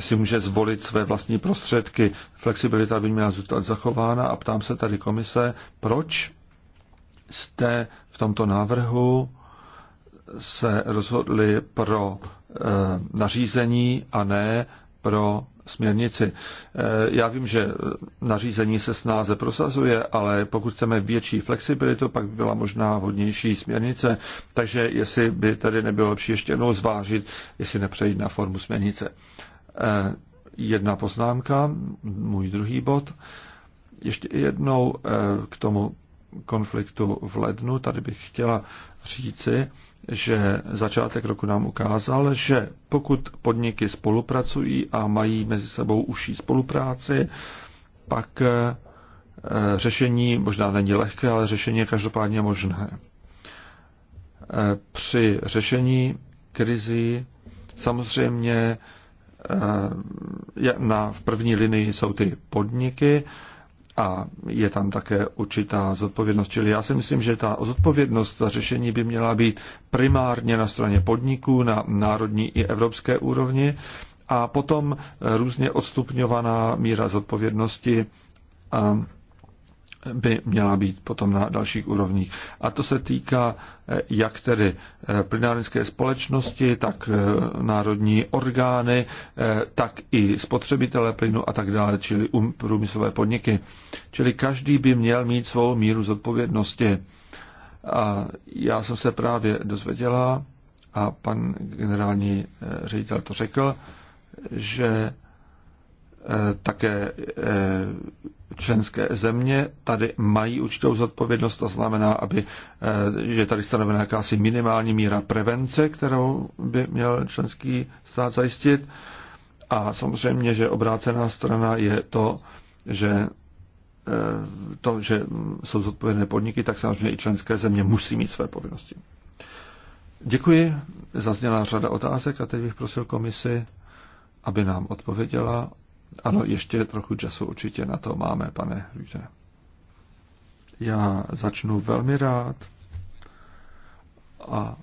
si může zvolit své vlastní prostředky. Flexibilita by měla zůstat zachována a ptám se tady komise, proč jste v tomto návrhu se rozhodli pro eh, nařízení a ne pro směrnici. Eh, já vím, že nařízení se snáze prosazuje, ale pokud chceme větší flexibilitu, pak by byla možná hodnější směrnice, takže jestli by tady nebylo lepší ještě jednou zvážit, jestli nepřejít na formu směrnice. Eh, jedna poznámka, můj druhý bod. Ještě jednou eh, k tomu konfliktu v lednu. Tady bych chtěla říci, že začátek roku nám ukázal, že pokud podniky spolupracují a mají mezi sebou užší spolupráci, pak eh, řešení možná není lehké, ale řešení je každopádně možné. Eh, při řešení krizi samozřejmě eh, na, v první linii jsou ty podniky, a je tam také určitá zodpovědnost. Čili já si myslím, že ta zodpovědnost za řešení by měla být primárně na straně podniků, na národní i evropské úrovni a potom různě odstupňovaná míra zodpovědnosti by měla být potom na dalších úrovních. A to se týká eh, jak tedy eh, plinárenské společnosti, tak eh, národní orgány, tak i spotřebitele plynu a tak dále, čili um, průmyslové podniky. Čili každý by měl mít svou míru zodpovědnosti. A já jsem se právě dozvěděla, a pan generální ředitel to řekl, že Eh, také eh, členské země tady mají určitou zodpovědnost, to znamená, aby, že eh, tady stanovena jakási minimální míra prevence, kterou by měl členský stát zajistit. A samozřejmě, že obrácená strana je to, že to, že jsou zodpovědné podniky, tak samozřejmě i členské země musí mít své povinnosti. Děkuji. Zazněla řada otázek a teď bych prosil komisi, aby nám odpověděla ano, ještě trochu času určitě na to máme, pane Víte. Já začnu velmi rád a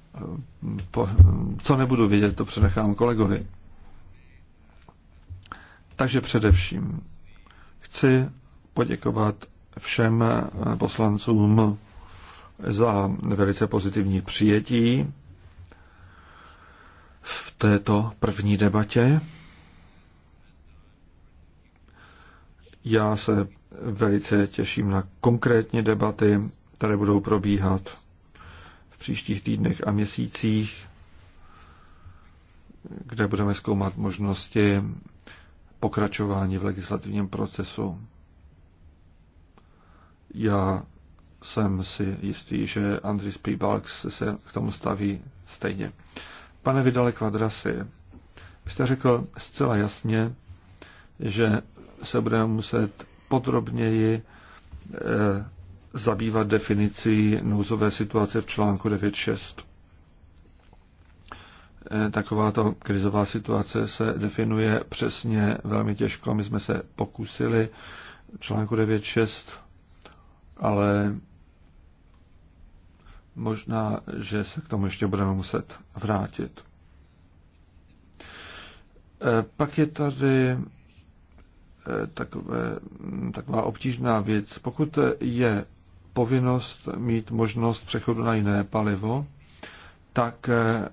mm, po, mm, co nebudu vědět, to přenechám kolegovi. Takže především chci poděkovat všem eh, poslancům za velice pozitivní přijetí v této první debatě. Já se velice těším na konkrétní debaty, které budou probíhat v příštích týdnech a měsících, kde budeme zkoumat možnosti pokračování v legislativním procesu. Já jsem si jistý, že Andris Balks se k tomu staví stejně. Pane Vidale Kvadrasi, jste řekl zcela jasně, že se budeme muset podrobněji eh, zabývat definicí nouzové situace v článku 9.6. Eh, takováto krizová situace se definuje přesně velmi těžko. My jsme se pokusili článku 9.6, ale možná, že se k tomu ještě budeme muset vrátit. Eh, pak je tady takové, taková obtížná věc. Pokud je povinnost mít možnost přechodu na jiné palivo, tak eh,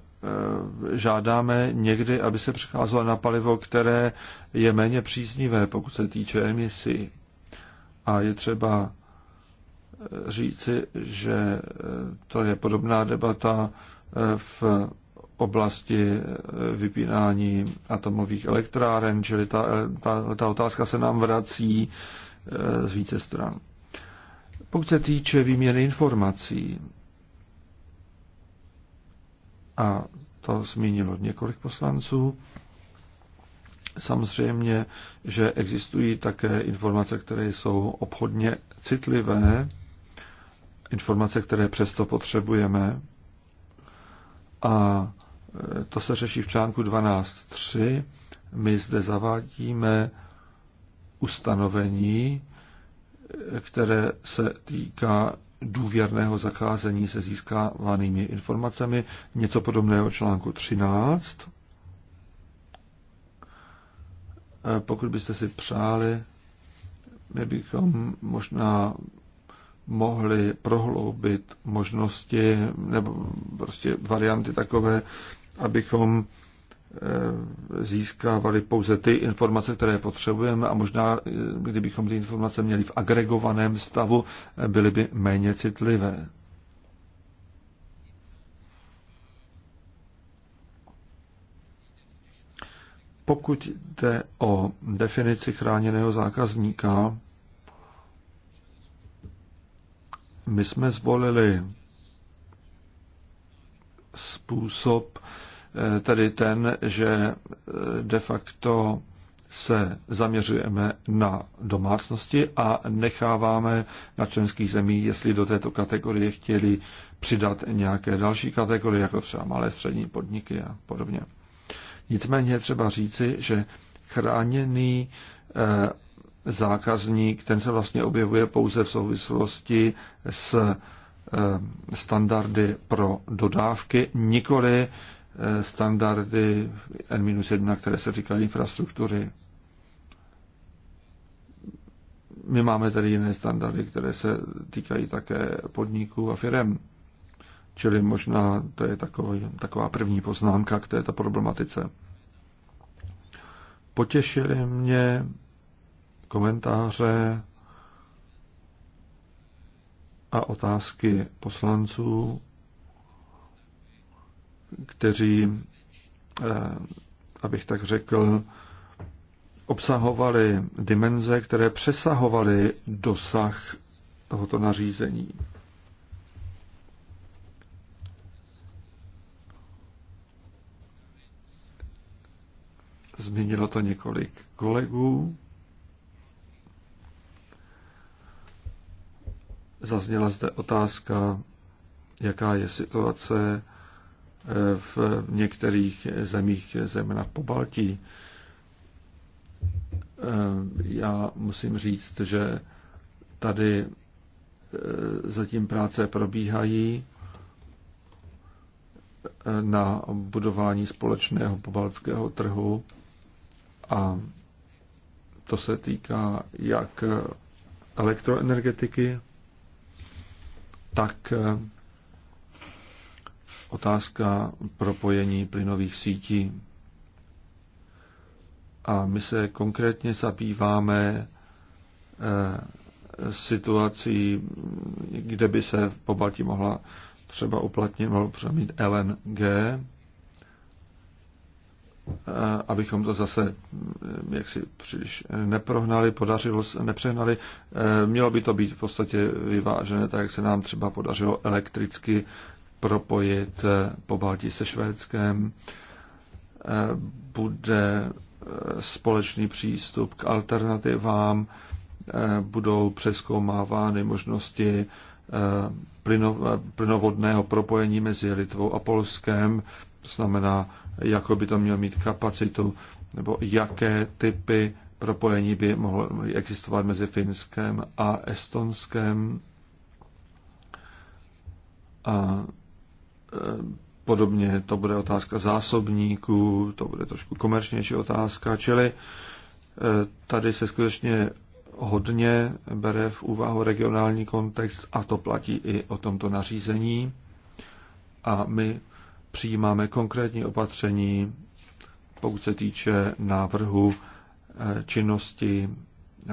žádáme někdy, aby se přecházelo na palivo, které je méně příznivé, pokud se týče emisí. A je třeba eh, říci, že eh, to je podobná debata v oblasti eh, vypínání atomových elektráren, čili ta, eh, ta, ta otázka se nám vrací eh, z více stran. Pokud se týče výměny informací, a to zmínilo několik poslanců, samozřejmě, že existují také informace, které jsou obchodně citlivé, informace, které přesto potřebujeme, a Eh, to se řeší v článku 12.3. My zde zavádíme ustanovení, eh, které se týká důvěrného zacházení se získávanými informacemi, něco podobného článku 13. Eh, pokud byste si přáli, my bychom možná mohli prohloubit možnosti nebo prostě varianty takové, abychom eh, získávali pouze ty informace, které potřebujeme a možná, eh, kdybychom ty informace měli v agregovaném stavu, eh, byly by méně citlivé. Pokud jde o definici chráněného zákazníka, My jsme zvolili způsob, eh, tedy ten, že eh, de facto se zaměřujeme na domácnosti a necháváme na členských zemí, jestli do této kategorie chtěli přidat nějaké další kategorie, jako třeba malé střední podniky a podobně. Nicméně je třeba říci, že chráněný eh, zákazník, ten se vlastně objevuje pouze v souvislosti s eh, standardy pro dodávky, nikoli eh, standardy N-1, které se týkají infrastruktury. My máme tady jiné standardy, které se týkají také podniků a firem. Čili možná to je takový, taková první poznámka k této problematice. Potěšili mě komentáře a otázky poslanců, kteří, eh, abych tak řekl, obsahovaly dimenze, které přesahovaly dosah tohoto nařízení. Zmínilo to několik kolegů. Zazněla zde otázka, jaká je situace eh, v některých zemích, zejména v Pobaltí. Eh, já musím říct, že tady eh, zatím práce probíhají na budování společného pobaltského trhu a to se týká jak elektroenergetiky, tak eh, otázka propojení plynových sítí. A my se konkrétně zabýváme eh, situací, kde by se v Pobaltí mohla třeba uplatnit, mohl přemít LNG, abychom to zase eh, jaksi příliš eh, neprohnali, podařilo, nepřehnali. Eh, mělo by to být v podstatě vyvážené, tak jak se nám třeba podařilo elektricky propojit po Baltii se Švédskem. Bude společný přístup k alternativám, budou přeskoumávány možnosti plynovodného propojení mezi Litvou a Polskem, to znamená jako by to mělo mít kapacitu, nebo jaké typy propojení by mohlo existovat mezi Finskem a Estonskem a e, podobně to bude otázka zásobníků, to bude trošku komerčnější otázka, čili e, tady se skutečně hodně bere v úvahu regionální kontext a to platí i o tomto nařízení. A my přijímáme konkrétní opatření, pokud se týče návrhu eh, činnosti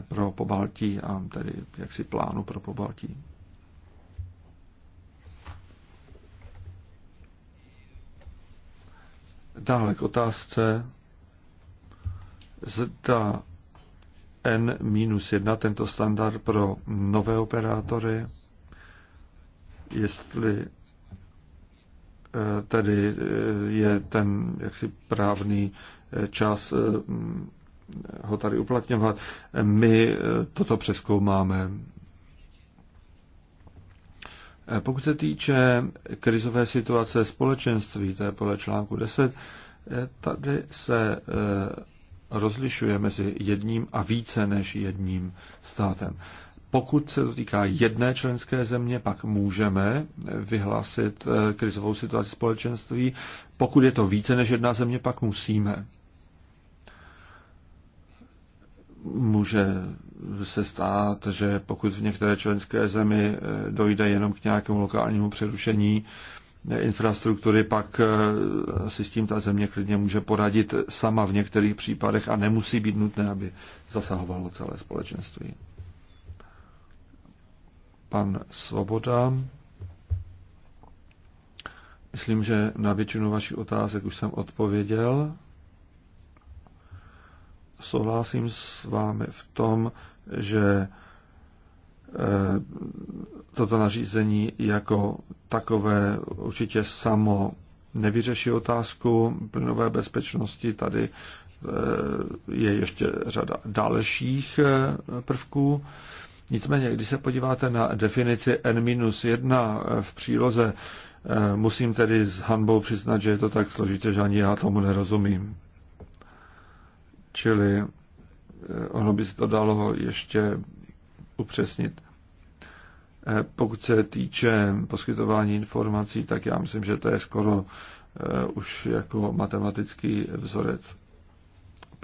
pro Pobaltí a tedy jaksi plánu pro Pobaltí. Dále k otázce, zda N-1, tento standard pro nové operátory, jestli Eh, tedy eh, je ten jaksi právný eh, čas mm, ho tady uplatňovat. My toto přeskoumáme. Pokud se týče krizové situace společenství, to je podle článku 10, tady se rozlišuje mezi jedním a více než jedním státem. Pokud se to týká jedné členské země, pak můžeme vyhlásit eh, krizovou situaci společenství. Pokud je to více než jedna země, pak musíme. Může se stát, že pokud v některé členské zemi eh, dojde jenom k nějakému lokálnímu přerušení eh, infrastruktury, pak si s tím ta země klidně může poradit sama v některých případech a nemusí být nutné, aby zasahovalo celé společenství pan Svoboda. Myslím, že na většinu vašich otázek už jsem odpověděl. Souhlasím s vámi v tom, že eh, toto nařízení jako takové určitě samo nevyřeší otázku plynové bezpečnosti. Tady eh, je ještě řada dalších eh, prvků. Nicméně, když se podíváte na definici N-1 v příloze, eh, musím tedy s hanbou přiznat, že je to tak složité, že ani já tomu nerozumím. Čili eh, ono by se to dalo ještě upřesnit. Eh, pokud se týče poskytování informací, tak já myslím, že to je skoro už jako matematický vzorec.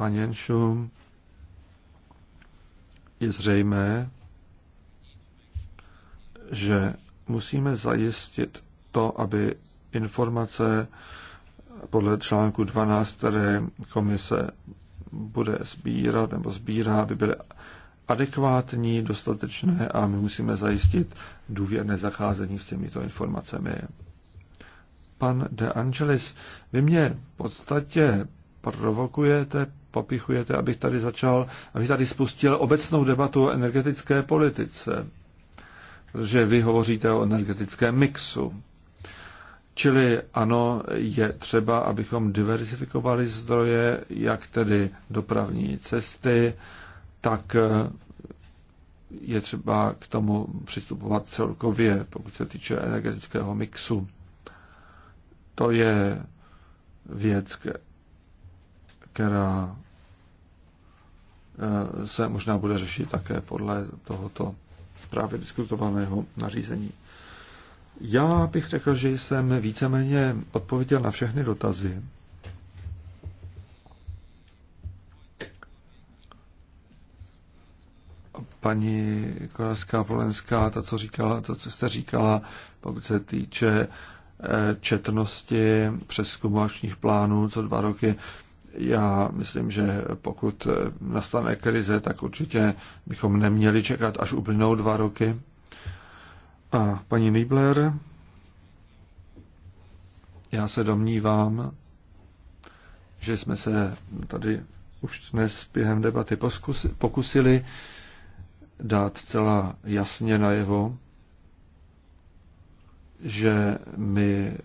Jenšum je zřejmé, že musíme zajistit to, aby informace podle článku 12, které komise bude sbírat nebo sbírá, aby byly adekvátní, dostatečné a my musíme zajistit důvěrné zacházení s těmito informacemi. Pan De Angelis, vy mě v podstatě provokujete, popichujete, abych tady začal, abych tady spustil obecnou debatu o energetické politice že vy hovoříte o energetickém mixu. Čili ano, je třeba, abychom diversifikovali zdroje, jak tedy dopravní cesty, tak eh, je třeba k tomu přistupovat celkově, pokud se týče energetického mixu. To je věc, která eh, se možná bude řešit také podle tohoto právě diskutovaného nařízení. Já bych řekl, že jsem víceméně odpověděl na všechny dotazy. Paní Koraská Polenská, to, co, říkala, to, co jste říkala, pokud se týče eh, četnosti přeskumovačních plánů co dva roky, já myslím, že pokud nastane krize, tak určitě bychom neměli čekat, až uplynou dva roky. A paní Nibler, já se domnívám, že jsme se tady už dnes během debaty pokusili dát celá jasně najevo, že my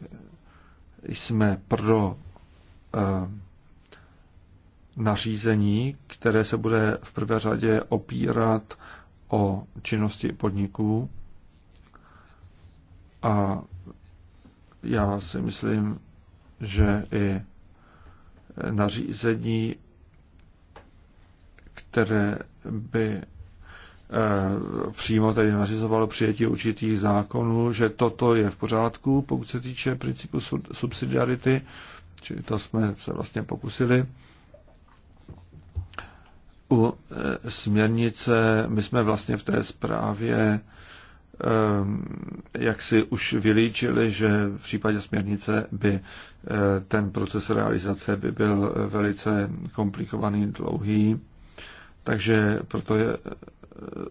jsme pro uh, nařízení, které se bude v prvé řadě opírat o činnosti podniků. A já si myslím, že i nařízení, které by eh, přímo tedy nařizovalo přijetí určitých zákonů, že toto je v pořádku, pokud se týče principu subsidiarity, čili to jsme se vlastně pokusili u e, směrnice my jsme vlastně v té zprávě e, jak si už vylíčili, že v případě směrnice by e, ten proces realizace by byl velice komplikovaný, dlouhý. Takže proto je,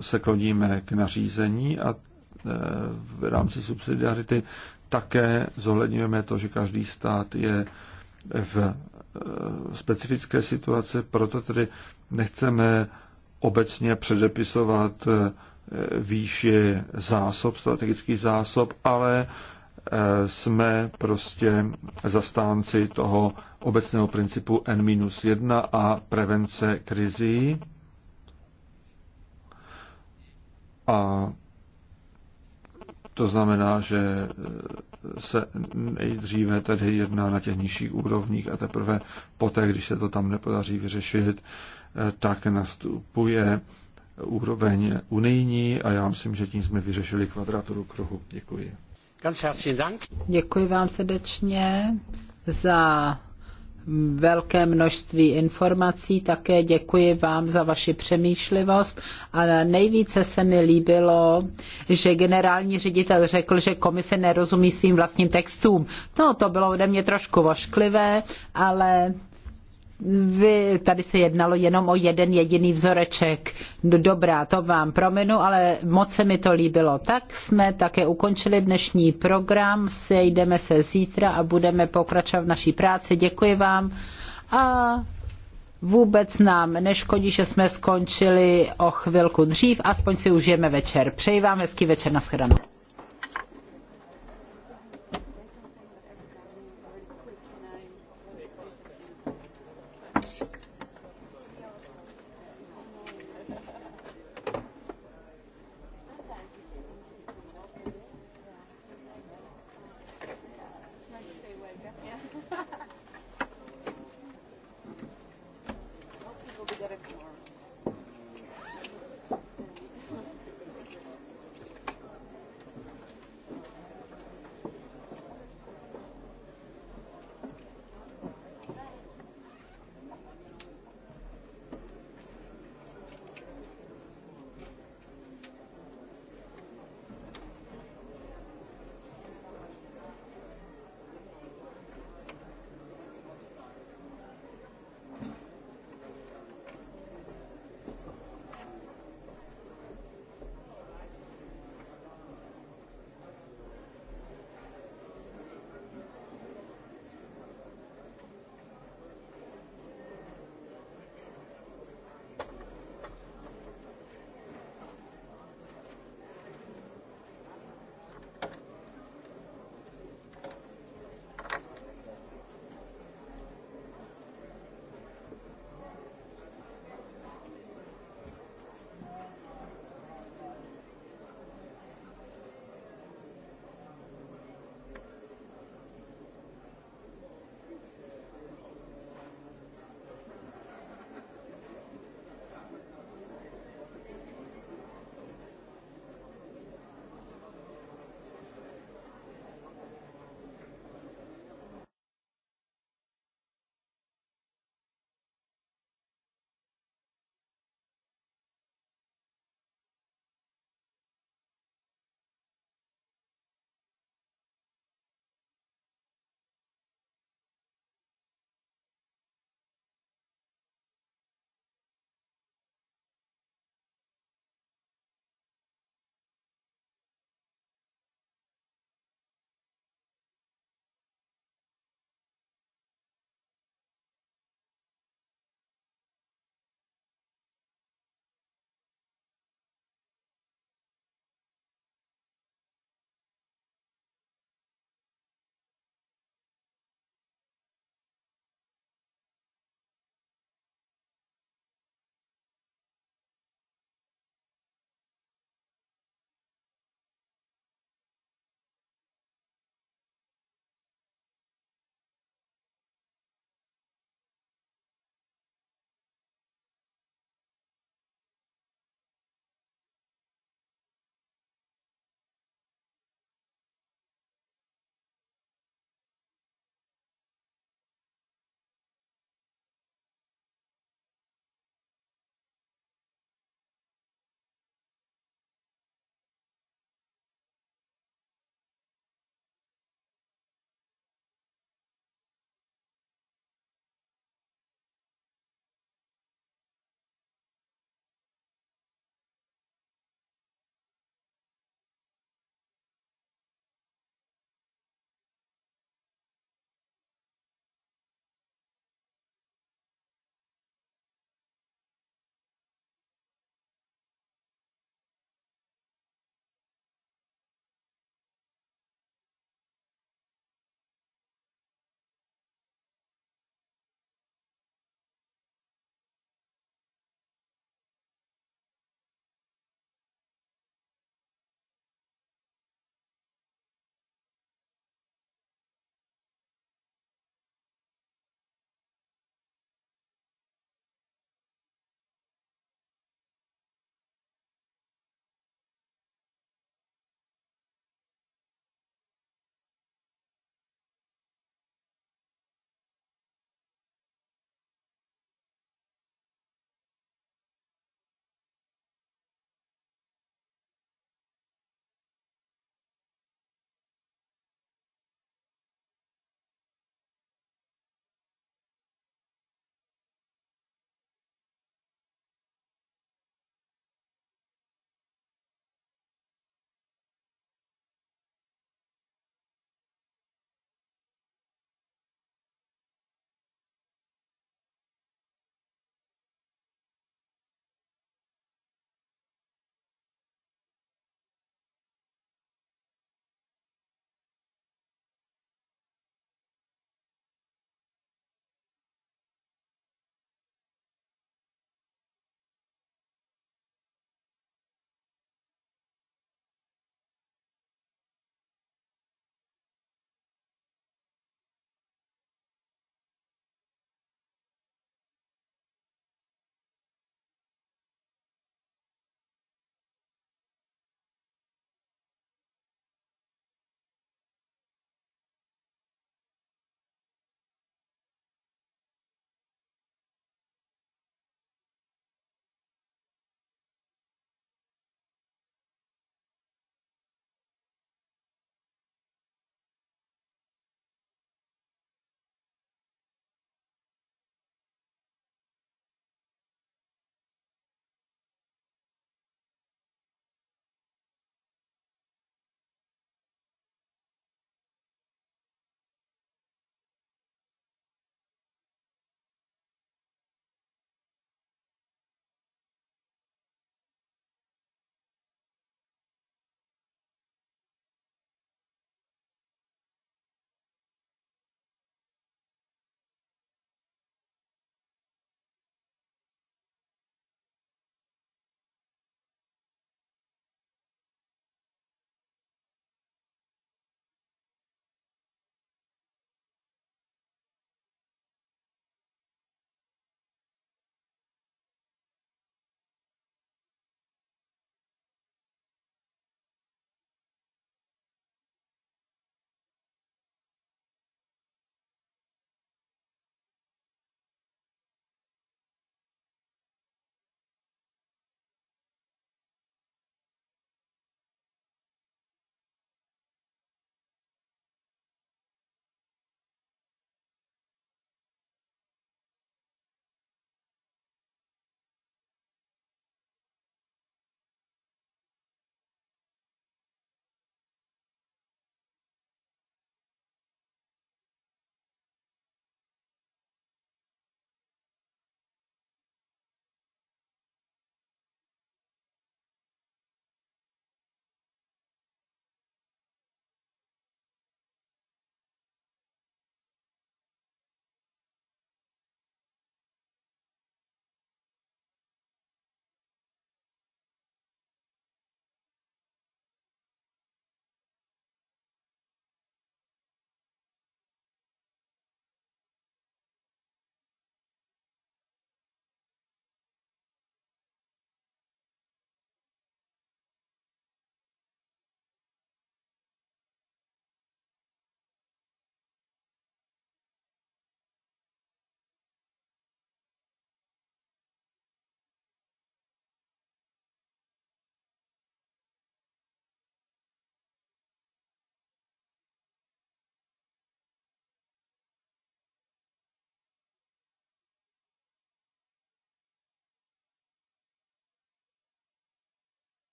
se kloníme k nařízení a v rámci subsidiarity také zohledňujeme to, že každý stát je v specifické situaci, proto tedy nechceme obecně předepisovat eh, výši zásob, strategických zásob, ale eh, jsme prostě zastánci toho obecného principu N-1 a prevence krizí. A to znamená, že eh, se nejdříve tedy jedná na těch nižších úrovních a teprve poté, když se to tam nepodaří vyřešit, Eh, tak nastupuje úroveň unijní a já myslím, že tím jsme vyřešili kvadraturu kruhu. Děkuji. Děkuji vám srdečně za velké množství informací, také děkuji vám za vaši přemýšlivost a nejvíce se mi líbilo, že generální ředitel řekl, že komise nerozumí svým vlastním textům. No, to bylo ode mě trošku vošklivé, ale vy, tady se jednalo jenom o jeden jediný vzoreček. Dobrá, to vám promenu, ale moc se mi to líbilo. Tak jsme také ukončili dnešní program, sejdeme se zítra a budeme pokračovat v naší práci. Děkuji vám a vůbec nám neškodí, že jsme skončili o chvilku dřív, aspoň si užijeme večer. Přeji vám hezký večer, nashledanou.